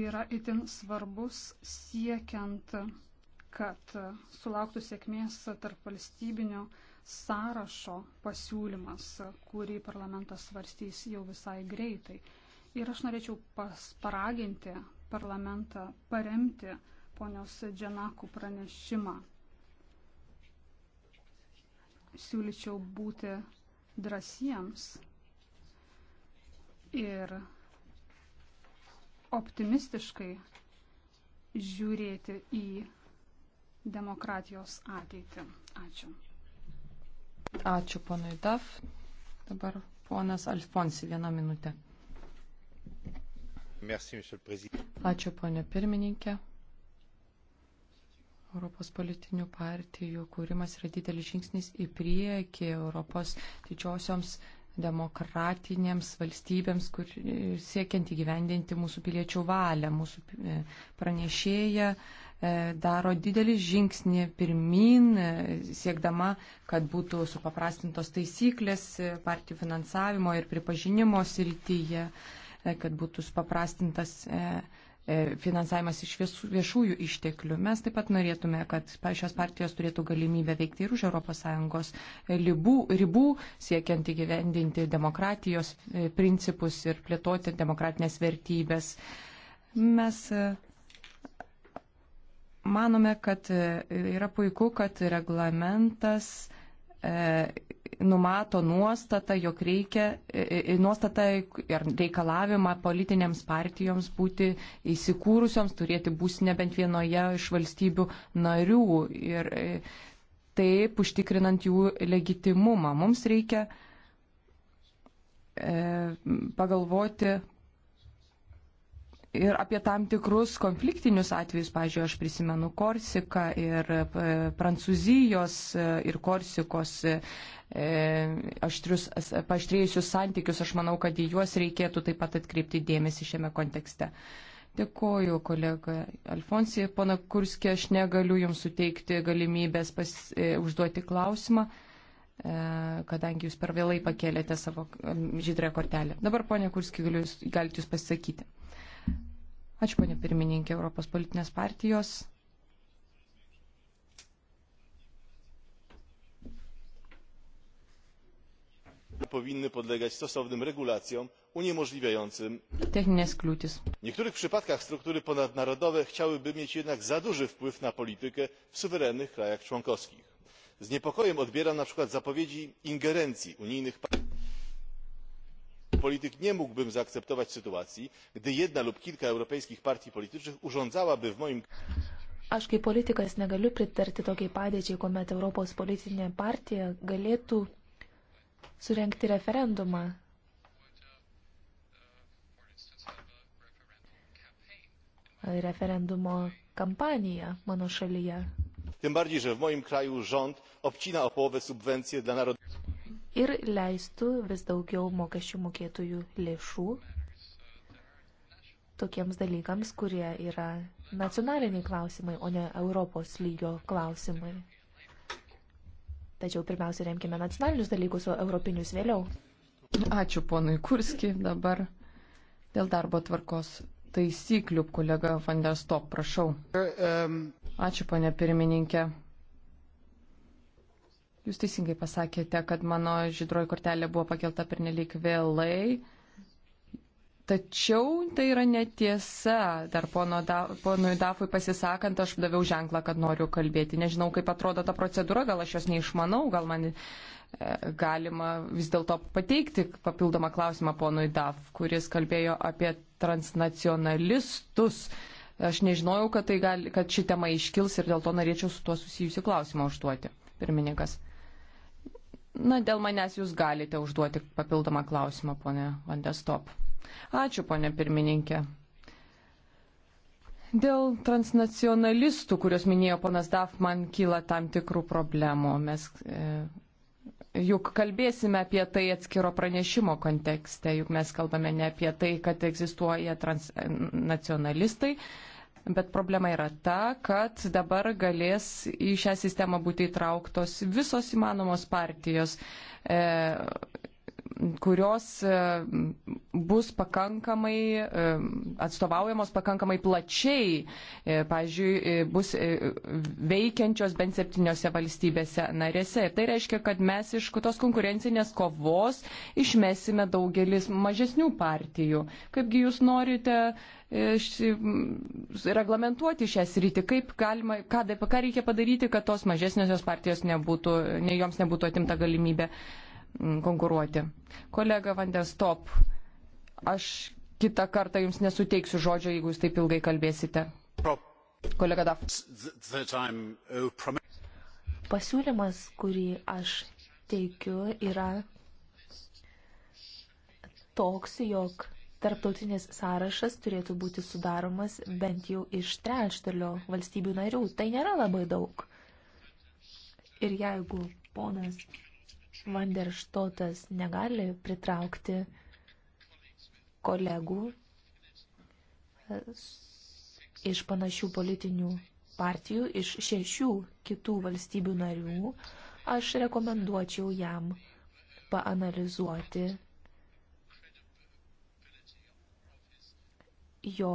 yra itin svarbus siekiant, kad sulauktų sėkmės tarp valstybinio sąrašo pasiūlymas, kurį parlamentas svarstys jau visai greitai. Ir aš norėčiau paraginti parlamentą paremti ponios Dženakų pranešimą. Siūlyčiau būti drąsiems ir optimistiškai žiūrėti į demokratijos ateitį. Ačiū. Ačiū ponui Daf. Dabar ponas Alfonsi vieną minutę. Ačiū ponė pirmininkė. Europos politinių partijų kūrimas yra didelis žingsnis į priekį Europos didžiosioms demokratinėms valstybėms, kur e, siekiant įgyvendinti mūsų piliečių valią. Mūsų e, pranešėja E, daro didelį žingsnį pirmin, e, siekdama, kad būtų supaprastintos taisyklės e, partijų finansavimo ir pripažinimo srityje, kad būtų supaprastintas finansavimas iš viešųjų išteklių. Mes taip pat norėtume, kad šios partijos turėtų galimybę veikti ir už ES ribų, ribų, siekiant įgyvendinti demokratijos principus ir plėtoti demokratinės vertybės. Mes manome, kad e, yra puiku, kad reglamentas e, numato nuostatą, jog reikia, e, nuostatą ir reikalavimą politinėms partijoms būti įsikūrusioms, turėti būsinę bent vienoje iš valstybių narių ir taip užtikrinant jų legitimumą. Mums reikia pagalvoti, ir apie tam tikrus konfliktinius atvejus, pažiūrėjau, aš prisimenu Korsiką ir e, Prancūzijos e, ir Korsikos e, aštrius, paštrėjusius santykius, aš manau, kad į juos reikėtų taip pat atkreipti dėmesį šiame kontekste. Dėkoju, kolega Alfonsija. Pana Kurskė, aš negaliu Jums suteikti galimybės pas, e, užduoti klausimą, e, kadangi Jūs per vėlai pakėlėte savo žydrę kortelę. Dabar, ponia Kurskė, galiu, galite Jūs pasisakyti. Ačiū, ponė pirmininkė, Europos politinės partijos. powinny podlegać stosownym regulacjom uniemożliwiającym w niektórych przypadkach struktury ponadnarodowe chciałyby mieć jednak za duży wpływ na politykę w suwerennych krajach członkowskich. z niepokojem odbieram na przykład zapowiedzi ingerencji unijnych państw polityk nie mógłbym zaakceptować sytuacji gdy jedna lub kilka europejskich partii politycznych urządzałaby w moim Aš kaip politikas negaliu pritarti tokiai padėčiai, kuomet Europos politinė partija galėtų surenkti referendumą referendumo kampaniją mano šalyje. Tym bardziej, że w moim kraju rząd obcina o połowę subwencje dla narodów ir leistų vis daugiau mokesčių mokėtojų lėšų tokiems dalykams, kurie yra nacionaliniai klausimai, o ne Europos lygio klausimai. Tačiau pirmiausia, remkime nacionalinius dalykus, o europinius vėliau. Ačiū ponui Kurski. Dabar dėl darbo tvarkos taisyklių kolega Vanderstop, prašau. Um, Ačiū ponė pirmininkė. Jūs teisingai pasakėte, kad mano žydroji kortelė buvo pakelta per nelik vėlai. Tačiau tai yra netiesa. Dar pono da, ponui Dafui pasisakant, aš daviau ženklą, kad noriu kalbėti. Nežinau, kaip atrodo ta procedūra, gal aš jos neišmanau, gal man e, galima vis dėlto pateikti papildomą klausimą ponui Daf, kuris kalbėjo apie transnacionalistus. Aš nežinojau, kad, tai gali, kad ši tema iškils ir dėl to norėčiau su tuo susijusi klausimą užduoti. Pirmininkas. Na, dėl manęs jūs galite užduoti papildomą klausimą, ponė Vandestop. Ačiū, ponė pirmininkė. Dėl transnacionalistų, kuriuos minėjo ponas Daf, man kyla tam tikrų problemų. Mes e, juk kalbėsime apie tai atskiro pranešimo kontekste, juk mes kalbame ne apie tai, kad egzistuoja transnacionalistai, e, Bet problema yra ta, kad dabar galės į šią sistemą būti įtrauktos visos įmanomos partijos. E, kurios e, bus pakankamai e, atstovaujamos pakankamai plačiai, e, pavyzdžiui, bus veikiančios bent septyniose valstybėse narėse. Ir tai reiškia, kad mes iš tos konkurencinės kovos išmesime daugelis mažesnių partijų. Kaipgi jūs norite reglamentuoti šią sritį, kaip galima, ką, ką reikia padaryti, kad tos mažesniosios partijos nebūtų, ne joms nebūtų atimta galimybė Mm, konkuruoti. Kolega Vanderstop, aš kitą kartą jums nesuteiksiu žodžio, jeigu jūs taip ilgai kalbėsite. Kolega Daf. Pasiūlymas, kurį aš teikiu, yra toks, jog tarptautinis sąrašas turėtų būti sudaromas bent jau iš trečdalio valstybių narių. Tai nėra labai daug. Ir jeigu ponas Vanderštotas negali pritraukti kolegų e, iš panašių politinių partijų, iš šešių kitų valstybių narių, aš rekomenduočiau jam paanalizuoti jo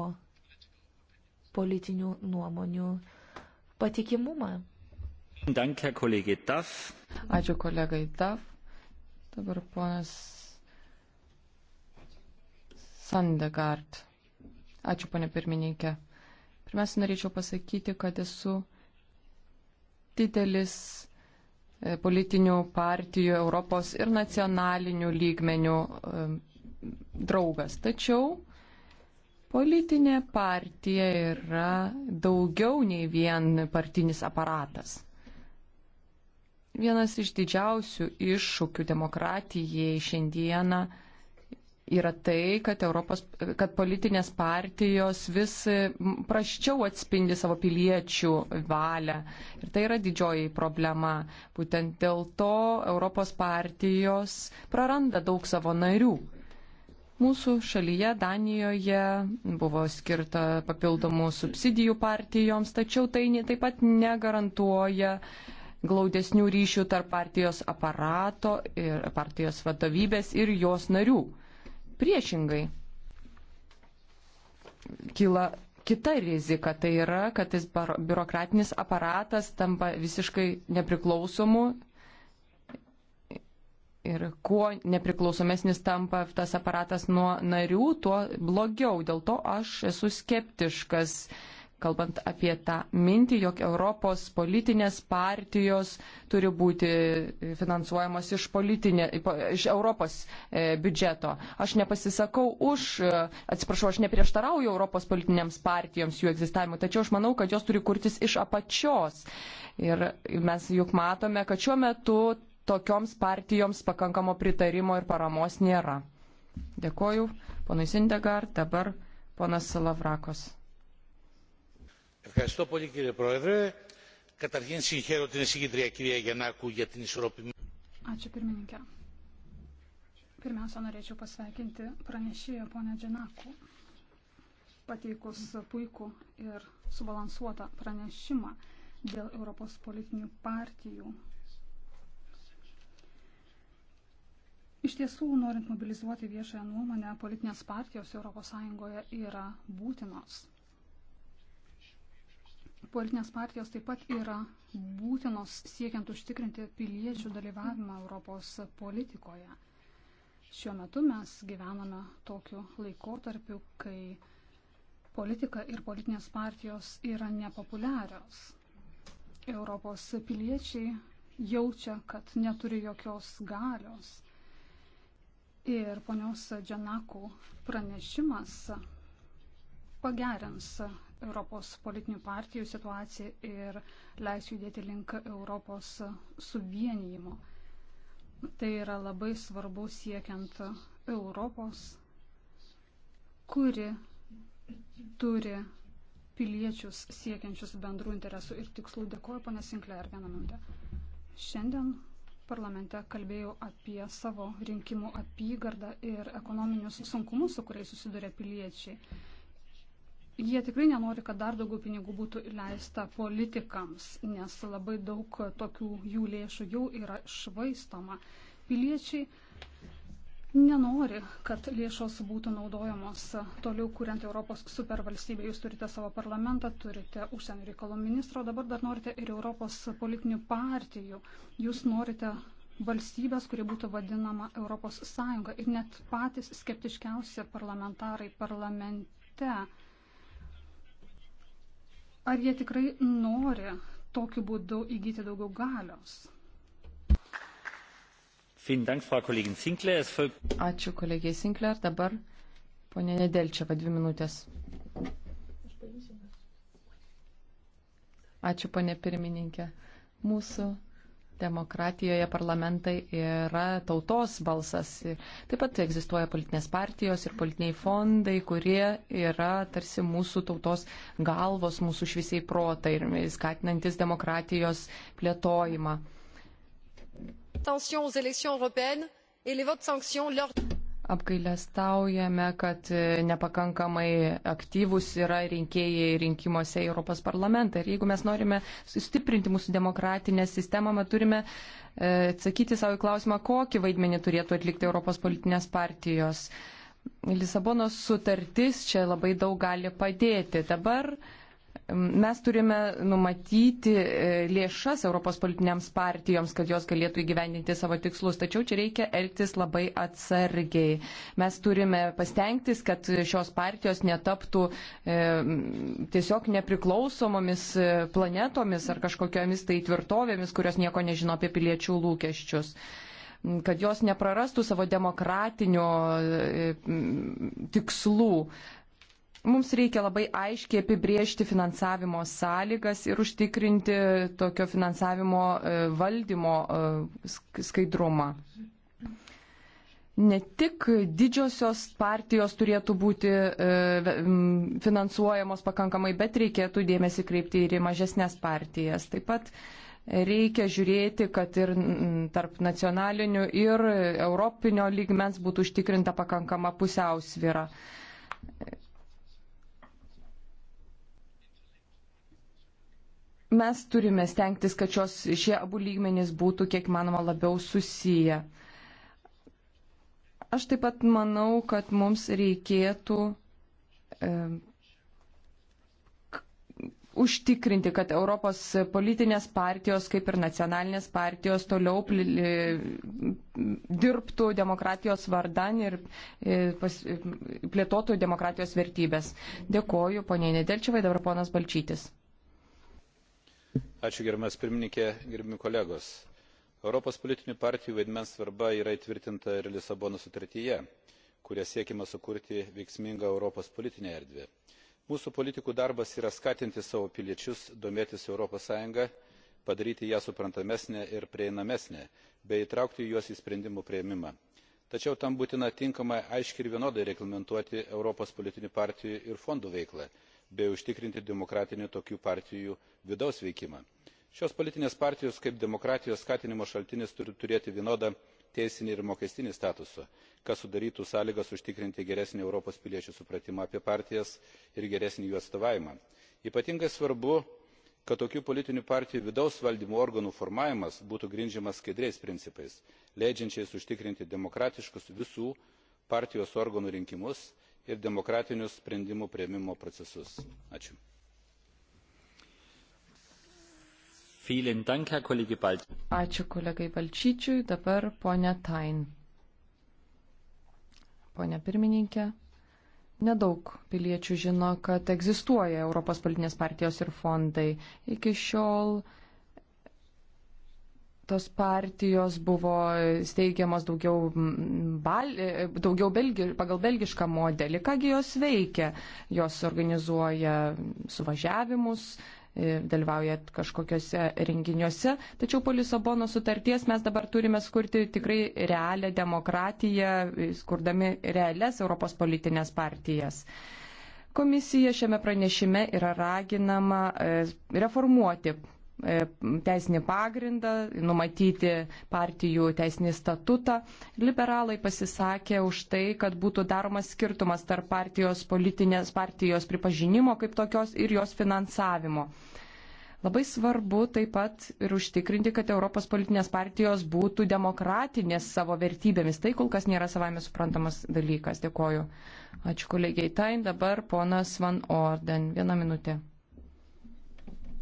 politinių nuomonių patikimumą. Ačiū kolegai Daf. Dabar ponas Sandegard. Ačiū, ponė pirmininkė. Pirmiausia, norėčiau pasakyti, kad esu didelis e, politinių partijų Europos ir nacionalinių lygmenių e, draugas. Tačiau politinė partija yra daugiau nei vien partinis aparatas. Vienas iš didžiausių iššūkių demokratijai šiandieną yra tai, kad, Europos, kad politinės partijos vis praščiau atspindi savo piliečių valią. Ir tai yra didžioji problema. Būtent dėl to Europos partijos praranda daug savo narių. Mūsų šalyje, Danijoje, buvo skirta papildomų subsidijų partijoms, tačiau tai taip pat negarantuoja uh, glaudesnių ryšių tarp partijos aparato ir partijos vadovybės ir jos narių. Priešingai, kyla kita rizika, tai yra, kad tas biurokratinis aparatas tampa visiškai nepriklausomu ir kuo nepriklausomesnis tampa tas aparatas nuo narių, tuo blogiau. Dėl to aš esu skeptiškas kalbant apie tą mintį, jog Europos politinės partijos turi būti finansuojamos iš, politinė, iš Europos e, biudžeto. Aš nepasisakau už, e, atsiprašau, aš neprieštarauju Europos politinėms partijoms jų egzistavimu, tačiau aš manau, kad jos turi kurtis iš apačios. Ir mes juk matome, kad šiuo metu tokioms partijoms pakankamo pritarimo ir paramos nėra. Dėkoju, ponai Sindegard, dabar ponas Salavrakos. Καταρχήν συγχαίρω την εισηγήτρια κυρία Γιαννάκου για την ισορροπημένη. Ačiū pirmininkė. Pirmiausia, norėčiau pasveikinti pranešėją ponę Džanakų, pateikus puikų ir subalansuotą pranešimą dėl Europos politinių partijų. Iš tiesų, norint mobilizuoti viešąją nuomonę, politinės partijos ES yra būtinos. Politinės partijos taip pat yra būtinos siekiant užtikrinti piliečių dalyvavimą Europos politikoje. Šiuo metu mes gyvename tokiu laikotarpiu, kai politika ir politinės partijos yra nepopuliarios. Europos piliečiai jaučia, kad neturi jokios galios. Ir ponios Džanakų pranešimas pagerins Europos politinių partijų situaciją ir leis judėti link Europos suvienijimo. Tai yra labai svarbu siekiant Europos, kuri turi piliečius siekiančius bendrų interesų ir tikslų. Dėkuoju, pana Sinclair, vieną minutę. Šiandien parlamente kalbėjau apie savo rinkimų apygardą ir ekonominius sunkumus, su kuriais susiduria piliečiai. Jie tikrai nenori, kad dar daugiau pinigų būtų leista politikams, nes labai daug tokių jų lėšų jau yra švaistoma. Piliečiai nenori, kad lėšos būtų naudojamos toliau kuriant Europos supervalstybę. Jūs turite savo parlamentą, turite užsienio reikalų ministro, dabar dar norite ir Europos politinių partijų. Jūs norite valstybės, kuri būtų vadinama Europos Sąjunga. Ir net patys skeptiškiausi parlamentarai parlamente ar jie tikrai nori tokiu būdu įgyti daugiau galios. Ačiū kolegijai Sinkler. Dabar ponė Nedelčiava, dvi minutės. Ačiū ponė pirmininkė. Mūsų Demokratijoje parlamentai yra tautos balsas. Taip pat egzistuoja politinės partijos ir politiniai fondai, kurie yra tarsi mūsų tautos galvos, mūsų švisiai protai ir skatinantis demokratijos plėtojimą. Tensions aux élections européennes et les votes sanctions lors. Apgailestaujame, kad e, nepakankamai aktyvus yra rinkėjai rinkimuose į Europos parlamentą. Ir jeigu mes norime sustiprinti mūsų demokratinę sistemą, mes turime e, atsakyti savo į klausimą, kokį vaidmenį turėtų atlikti Europos politinės partijos. Lisabonos sutartis čia labai daug gali padėti. Dabar Mes turime numatyti e, lėšas Europos politiniams partijoms, kad jos galėtų įgyvendinti savo tikslus, tačiau čia reikia elgtis labai atsargiai. Mes turime pastengtis, kad šios partijos netaptų e, tiesiog nepriklausomomis e, planetomis ar kažkokiamis tai tvirtovėmis, kurios nieko nežino apie piliečių lūkesčius kad jos neprarastų savo demokratinių e, tikslų, Mums reikia labai aiškiai apibriežti finansavimo sąlygas ir užtikrinti tokio finansavimo e, valdymo e, skaidrumą. Ne tik didžiosios partijos turėtų būti e, finansuojamos pakankamai, bet reikėtų dėmesį kreipti ir į mažesnės partijas. Taip pat reikia žiūrėti, kad ir tarp nacionalinių ir europinio lygmens būtų užtikrinta pakankama pusiausvyra. Mes turime stengtis, kad šios, šie abu lygmenys būtų kiek manoma labiau susiję. Aš taip pat manau, kad mums reikėtų e, užtikrinti, kad Europos politinės partijos, kaip ir nacionalinės partijos, toliau dirbtų demokratijos vardan ir e, pas, e, plėtotų demokratijos vertybės. Dėkoju, ponė Nedelčiavai, dabar ponas Balčytis europos politinių partijų vaidmens svarba yra įtvirtinta ir lisabonos sutartyje kuria siekiama sukurti veiksmingą europos politinę erdvę. mūsų politikų darbas yra skatinti savo piliečius domėtis europos sąjunga padaryti ją suprantamesne ir prieinamesne bei įtraukti juos į sprendimų priėmimą. tačiau tam būtina tinkamai aiškiai ir vienodai reglamentuoti europos politinių partijų ir fondų veiklą bei užtikrinti demokratinį tokių partijų vidaus veikimą. šios politinės partijos kaip demokratijos skatinimo šaltinis turi turėti vienodą teisinį ir mokestinį statusą kas sudarytų sąlygas užtikrinti geresnį europos piliečių supratimą apie partijas ir geresnį jų atstovavimą. ypatingai svarbu kad tokių politinių partijų vidaus valdymo organų formavimas būtų grindžiamas skaidriais principais leidžiančiais užtikrinti demokratiškus visų partijos organų rinkimus ir demokratinius sprendimų priėmimo procesus. ačiū. Ačiū kolegai Balčyčiui. Dabar ponia Tain. Pone pirmininkė, nedaug piliečių žino, kad egzistuoja Europos politinės partijos ir fondai. Iki šiol uh, tos partijos buvo steigiamas daugiau, bal, daugiau belgi, pagal belgišką modelį. Kągi jos veikia? Jos organizuoja suvažiavimus, e, dalyvaujat kažkokiuose renginiuose. Tačiau po Lisabono sutarties mes dabar turime skurti tikrai realią demokratiją, e, skurdami realias Europos politinės partijas. Komisija šiame pranešime yra raginama e, reformuoti E, teisinį pagrindą, numatyti partijų teisinį statutą. Liberalai pasisakė už tai, kad būtų daromas skirtumas tarp partijos politinės partijos pripažinimo kaip tokios ir jos finansavimo. Labai svarbu taip pat ir užtikrinti, kad Europos politinės partijos būtų demokratinės savo vertybėmis. Tai kol kas nėra savame suprantamas dalykas. Dėkoju. Ačiū kolegiai Tain. Dabar ponas Van Orden. Vieną minutę.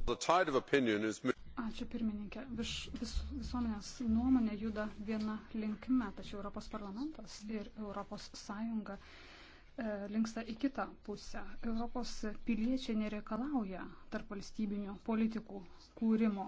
Ačiū pirmininkė. Vis, vis, visuomenės nuomonė juda viena linkme, tačiau Europos parlamentas ir Europos Sąjunga e, linksta į kitą pusę. Europos piliečiai nereikalauja tarp valstybinių politikų kūrimo.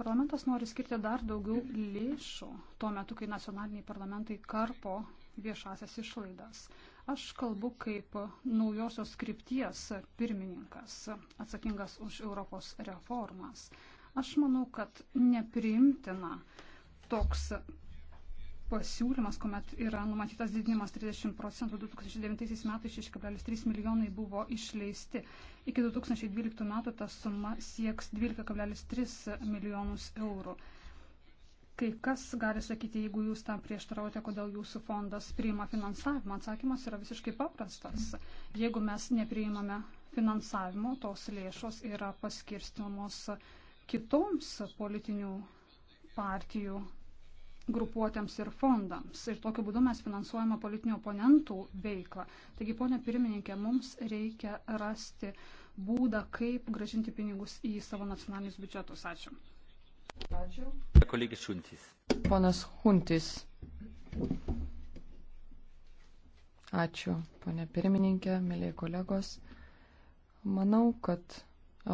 Parlamentas nori skirti dar daugiau lėšų tuo metu, kai nacionaliniai parlamentai karpo viešasias išlaidas. Aš kalbu kaip naujosios skripties pirmininkas, atsakingas už Europos reformas. Aš manau, kad nepriimtina toks pasiūlymas, kuomet yra numatytas didinimas 30 procentų, 2009 metais 6,3 milijonai buvo išleisti. Iki 2012 metų ta suma sieks 12,3 milijonus eurų. Kai kas gali sakyti, jeigu jūs tam prieštaraujate, kodėl jūsų fondas priima finansavimą, atsakymas yra visiškai paprastas. Jeigu mes nepriimame finansavimo, tos lėšos yra paskirstimos kitoms politinių partijų grupuotėms ir fondams. Ir tokiu būdu mes finansuojame politinių oponentų veiklą. Taigi, ponė pirmininkė, mums reikia rasti būdą, kaip gražinti pinigus į savo nacionalinius biudžetus. Ačiū. Ačiū. Kolegis Šuntis. Ponas Huntis. Ačiū, ponė pirmininkė, mėlyje kolegos. Manau, kad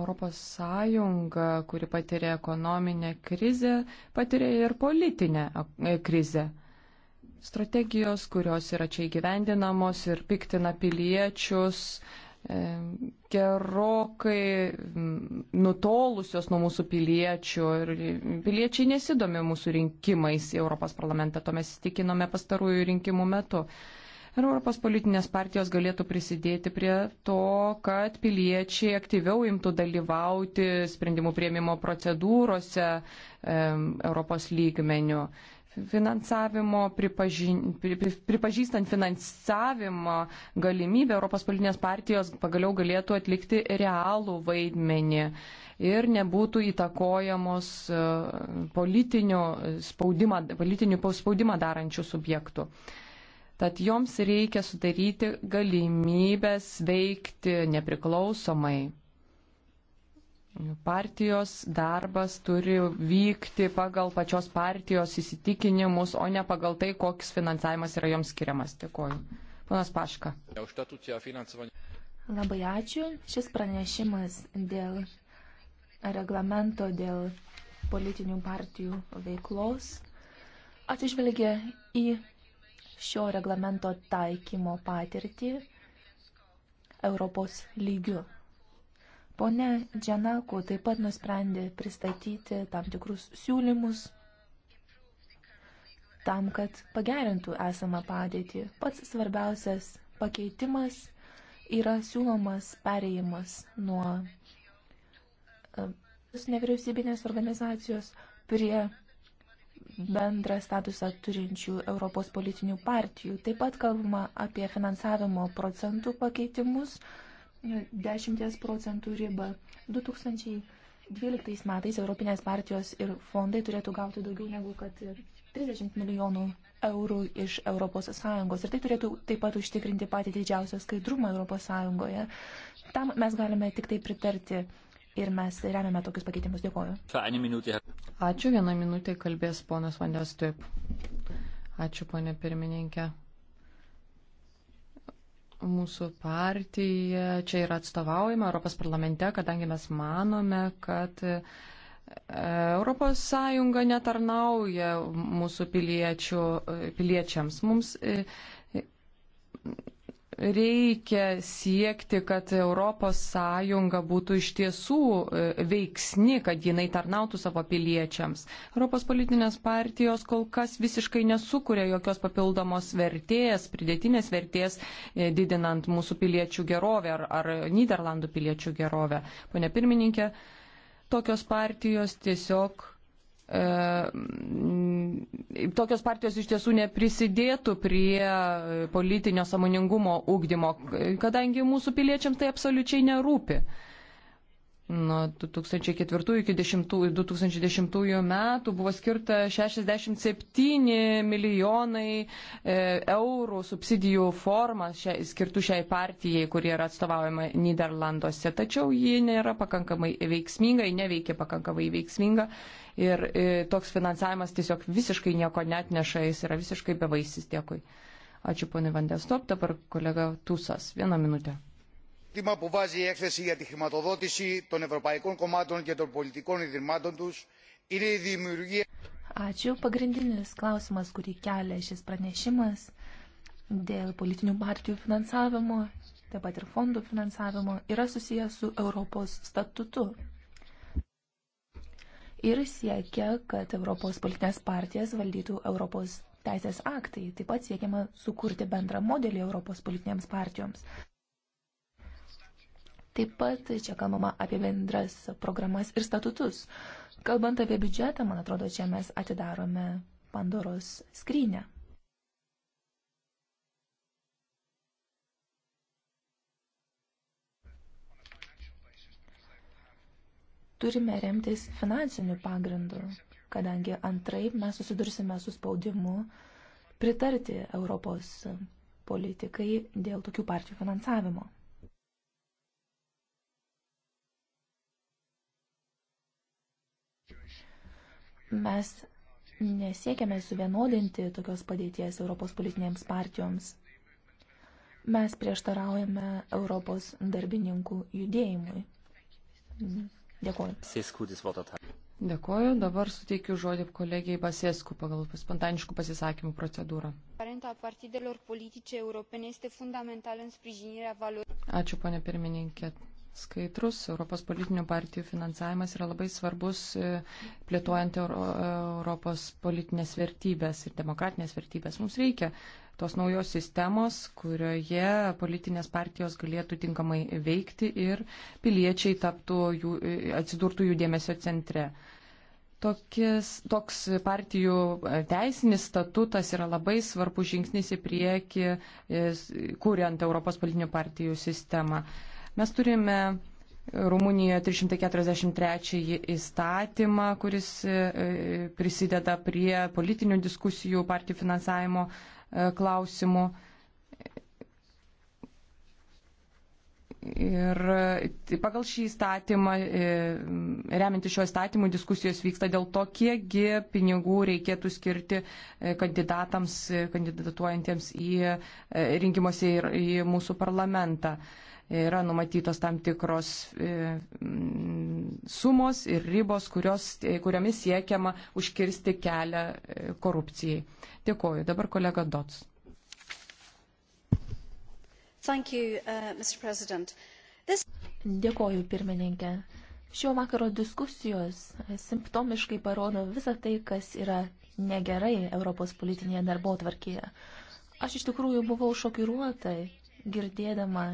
Europos Sąjunga, kuri patiria ekonominę krizę, patiria ir politinę e, krizę strategijos, kurios yra čia įgyvendinamos ir piktina piliečius, E, gerokai nutolusios nuo mūsų piliečių ir piliečiai nesidomi mūsų rinkimais į Europos parlamentą, to mes įtikinome pastarųjų rinkimų metu. Ar Europos politinės partijos galėtų prisidėti prie to, kad piliečiai aktyviau imtų dalyvauti sprendimų prieimimo procedūrose Europos lygmenių? finansavimo, pripaži, pripažįstant finansavimo galimybę, Europos politinės partijos pagaliau galėtų atlikti realų vaidmenį ir nebūtų įtakojamos e, politinių spaudimą, politinių spaudimą darančių subjektų. Tad joms reikia sudaryti galimybės veikti nepriklausomai Partijos darbas turi vykti pagal pačios partijos įsitikinimus, o ne pagal tai, koks finansavimas yra joms skiriamas. Dėkuoju. Panas Paška. Labai ačiū. Šis pranešimas dėl reglamento dėl politinių partijų veiklos atsižvelgia į šio reglamento taikymo patirtį Europos lygiu. Pone Džianaku taip pat nusprendė pristatyti tam tikrus siūlymus tam, kad pagerintų esamą padėtį. Pats svarbiausias pakeitimas yra siūlomas pereimas nuo e, nevyriausybinės organizacijos prie bendrą statusą turinčių Europos politinių partijų. Taip pat kalbama apie finansavimo procentų pakeitimus 10 procentų ribą. 2012 metais Europinės partijos ir fondai turėtų gauti daugiau negu kad 30 milijonų eurų iš ES. Ir tai turėtų taip pat užtikrinti patį didžiausią skaidrumą ES. Tam mes galime tik tai pritarti ir mes remiame tokius pakeitimus. Dėkoju. Ačiū. Vieną minutę kalbės ponas Vandės Taip. Ačiū, ponė pirmininkė mūsų partija čia yra atstovaujama Europos parlamente, kadangi mes manome, kad ES netarnauja mūsų piliečių, e, piliečiams. Mums e, reikia siekti, kad ES būtų iš tiesų e, veiksni, kad jinai tarnautų savo piliečiams. Europos politinės partijos kol kas visiškai nesukuria jokios papildomos vertės, pridėtinės vertės, e, didinant mūsų piliečių gerovę ar, ar Niderlandų piliečių gerovę. Pone pirmininkė, tokios partijos tiesiog tokios partijos iš tiesų neprisidėtų prie politinio samoningumo ugdymo, kadangi mūsų piliečiams tai absoliučiai nerūpi. Nuo 2004 iki 10, 2010 metų buvo skirta 67 milijonai e, eurų subsidijų forma šia, skirtų šiai partijai, kurie yra atstovaujama Niderlanduose. Tačiau ji nėra pakankamai veiksminga, ji neveikia pakankamai veiksminga ir e, toks finansavimas tiesiog visiškai nieko net neša, jis yra visiškai bevaisis. Dėkui. Ačiū ponai Vandestop, dabar kolega Tusas. Vieną minutę ζήτημα που βάζει η έκθεση για τη χρηματοδότηση των ευρωπαϊκών κομμάτων και των πολιτικών ιδρυμάτων τους είναι η δημιουργία. Ačiū. Pagrindinis klausimas, kurį kelia šis pranešimas dėl politinių partijų finansavimo, taip pat ir fondų finansavimo, yra susijęs su Europos statutu. Ir siekia, kad Europos politinės partijas valdytų Europos teisės aktai. Taip pat siekiama sukurti bendrą modelį Europos politinėms partijoms. Taip pat čia kalbama apie bendras programas ir statutus. Kalbant apie biudžetą, man atrodo, čia mes atidarome Pandoros skrynę. Turime remtis finansiniu pagrindu, kadangi antraip mes susidursime su spaudimu pritarti Europos politikai dėl tokių partijų finansavimo. Mes nesiekiame suvienodinti tokios padėties Europos politinėms partijoms. Mes prieštaraujame Europos darbininkų judėjimui. Dėkuoju. Dėkuoju. Dabar suteikiu žodį kolegijai Basėsku pagal spontaniškų pasisakymų procedūrą. Ačiū, ponė pirmininkė skaidrus. Europos politinių partijų finansavimas yra labai svarbus e, plėtojant e, Europos politinės vertybės ir demokratinės vertybės. Mums reikia tos naujos sistemos, kurioje politinės partijos galėtų tinkamai veikti ir piliečiai taptų jų, e, atsidurtų jų dėmesio centre. Tokis, toks partijų teisinis statutas yra labai svarbus žingsnis į priekį, kuriant Europos politinių partijų sistemą. Mes turime Rumunijoje 343 įstatymą, kuris e, prisideda prie politinių diskusijų partijų finansavimo e, klausimų. Ir e, pagal šį įstatymą, remianti šio įstatymu, diskusijos vyksta dėl to, kiekgi pinigų reikėtų skirti kandidatams, kandidatuojantiems į rinkimuose ir į mūsų parlamentą yra numatytos tam tikros e, mm, sumos ir ribos, kurios, e, kuriomis siekiama užkirsti kelią e, korupcijai. Dėkuoju. Dabar kolega Dots. Thank you, uh, Mr. President. This... Dėkuoju, pirmininkė. Šio vakaro diskusijos simptomiškai parodo visą tai, kas yra negerai Europos politinėje darbo tvarkėje. Aš iš tikrųjų buvau šokiruota girdėdama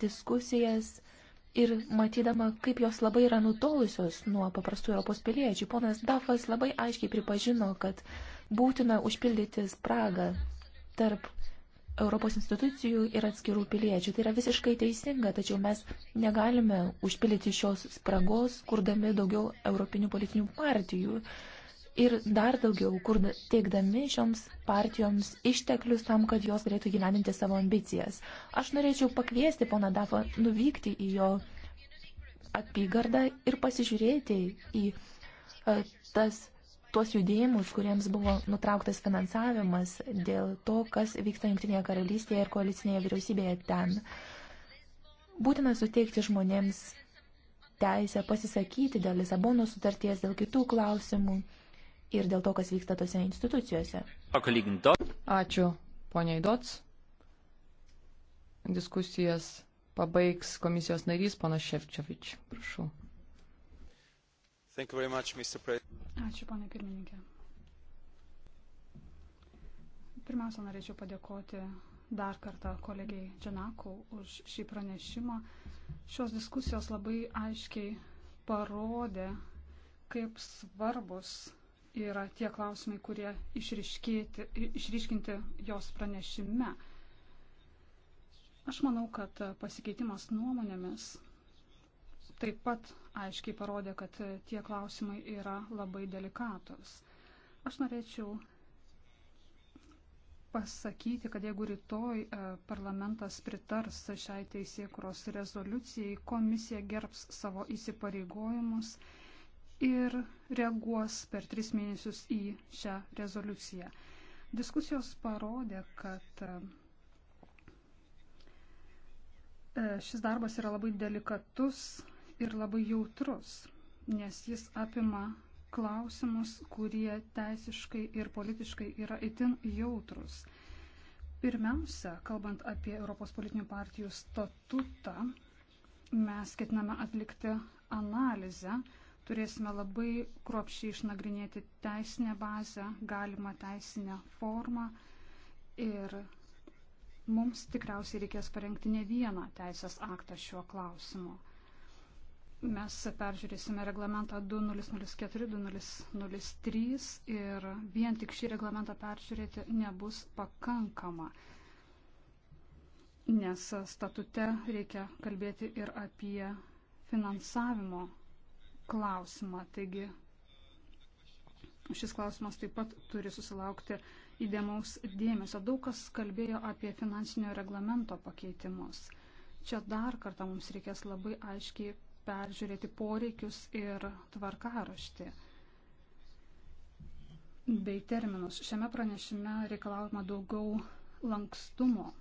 diskusijas ir matydama, kaip jos labai yra nutolusios nuo paprastų Europos piliečių, ponas Dafas labai aiškiai pripažino, kad būtina užpildyti spragą tarp Europos institucijų ir atskirų piliečių. Tai yra visiškai teisinga, tačiau mes negalime užpildyti šios spragos, kurdami daugiau europinių politinių partijų ir dar daugiau, kur teikdami šioms partijoms išteklius tam, kad jos galėtų gyveninti savo ambicijas. Aš norėčiau pakviesti poną Dafą nuvykti į jo apygardą ir pasižiūrėti į e, tas, tuos judėjimus, kuriems buvo nutrauktas finansavimas dėl to, kas vyksta Junktinėje karalystėje ir koalicinėje vyriausybėje ten. Būtina suteikti žmonėms teisę pasisakyti dėl Lisabono sutarties, dėl kitų klausimų ir dėl to, kas vyksta tose institucijose. Ačiū, poniai Dots. Diskusijas pabaigs komisijos narys, panas Ševčiovič. Prašau. Much, Ačiū, ponė pirmininkė. Pirmiausia, norėčiau padėkoti dar kartą kolegiai Džanakau už šį pranešimą. Šios diskusijos labai aiškiai parodė, kaip svarbus yra tie klausimai, kurie išryškinti jos pranešime. Aš manau, kad pasikeitimas nuomonėmis taip pat aiškiai parodė, kad tie klausimai yra labai delikatos. Aš norėčiau pasakyti, kad jeigu rytoj e, parlamentas pritars šiai teisėkuros rezoliucijai, komisija gerbs savo įsipareigojimus ir reaguos per tris mėnesius į šią rezoliuciją. Diskusijos parodė, kad e, šis darbas yra labai delikatus ir labai jautrus, nes jis apima klausimus, kurie teisiškai ir politiškai yra itin jautrus. Pirmiausia, kalbant apie Europos politinių partijų statutą, mes ketiname atlikti analizę, turėsime labai kruopšiai išnagrinėti teisinę bazę, galimą teisinę formą ir mums tikriausiai reikės parengti ne vieną teisės aktą šiuo klausimu. Mes peržiūrėsime reglamentą 2004-2003 ir vien tik šį reglamentą peržiūrėti nebus pakankama, nes statute reikia kalbėti ir apie finansavimo klausimą. Taigi šis klausimas taip pat turi susilaukti įdėmaus dėmesio. Daug kas kalbėjo apie finansinio reglamento pakeitimus. Čia dar kartą mums reikės labai aiškiai peržiūrėti poreikius ir tvarkaraštį bei terminus. Šiame pranešime reikalaujama daugiau lankstumo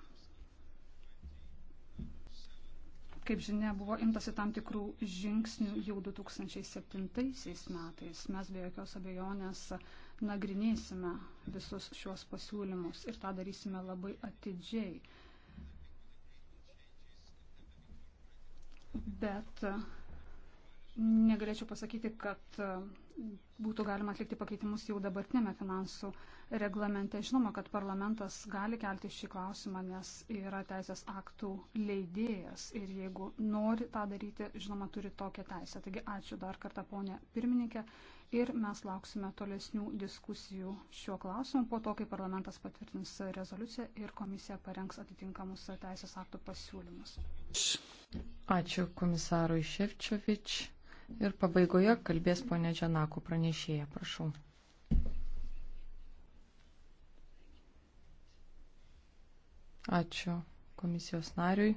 Kaip žinia, buvo imtasi tam tikrų žingsnių jau 2007 metais. Mes be jokios abejonės nagrinėsime visus šiuos pasiūlymus ir tą darysime labai atidžiai. Bet negalėčiau pasakyti, kad būtų galima atlikti pakeitimus jau dabartinėme finansų reglamente. Žinoma, kad parlamentas gali kelti šį klausimą, nes yra teisės aktų leidėjas ir jeigu nori tą daryti, žinoma, turi tokią teisę. Taigi ačiū dar kartą ponė pirmininkė ir mes lauksime tolesnių diskusijų šiuo klausimu po to, kai parlamentas patvirtins rezoliuciją ir komisija parengs atitinkamus teisės aktų pasiūlymus. Ačiū komisarui Ševčiovičiui. Ir pabaigoje kalbės ponė Džanakų pranešėja, prašau. Ačiū komisijos nariui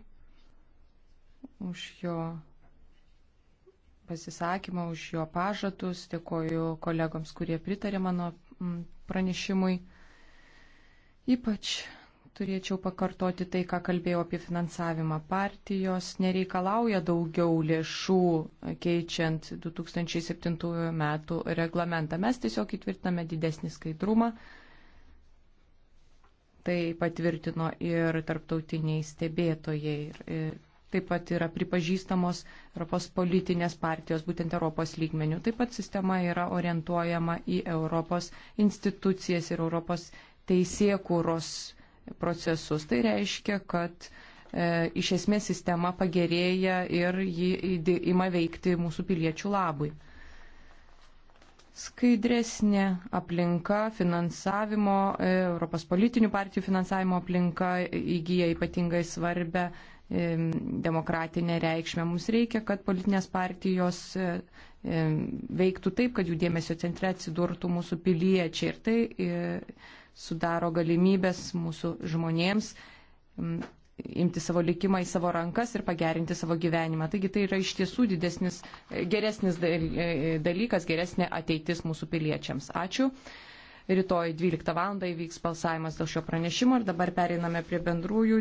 už jo pasisakymą, už jo pažadus. Dėkoju kolegoms, kurie pritarė mano mm, pranešimui. Ypač Turėčiau pakartoti tai, ką kalbėjau apie finansavimą. Partijos nereikalauja daugiau lėšų keičiant 2007 metų reglamentą. Mes tiesiog įtvirtiname didesnį skaidrumą. Tai patvirtino ir tarptautiniai stebėtojai. Ir e, taip pat yra pripažįstamos Europos politinės partijos, būtent Europos lygmenių. Taip pat sistema yra orientuojama į Europos institucijas ir Europos teisėkūros procesus. Tai reiškia, kad e, iš esmės sistema pagerėja ir ji ima veikti mūsų piliečių labui. Skaidresnė aplinka, finansavimo, e, Europos politinių partijų finansavimo aplinka įgyja ypatingai svarbę e, demokratinę reikšmę. Mums reikia, kad politinės partijos e, e veiktų taip, kad jų dėmesio centre atsidurtų mūsų piliečiai. Ir tai e, sudaro galimybės mūsų žmonėms mm, imti savo likimą į savo rankas ir pagerinti savo gyvenimą. Taigi tai yra iš tiesų didesnis, geresnis dalykas, geresnė ateitis mūsų piliečiams. Ačiū. Rytoj 12 val. įvyks balsavimas dėl šio pranešimo ir dabar pereiname prie bendrųjų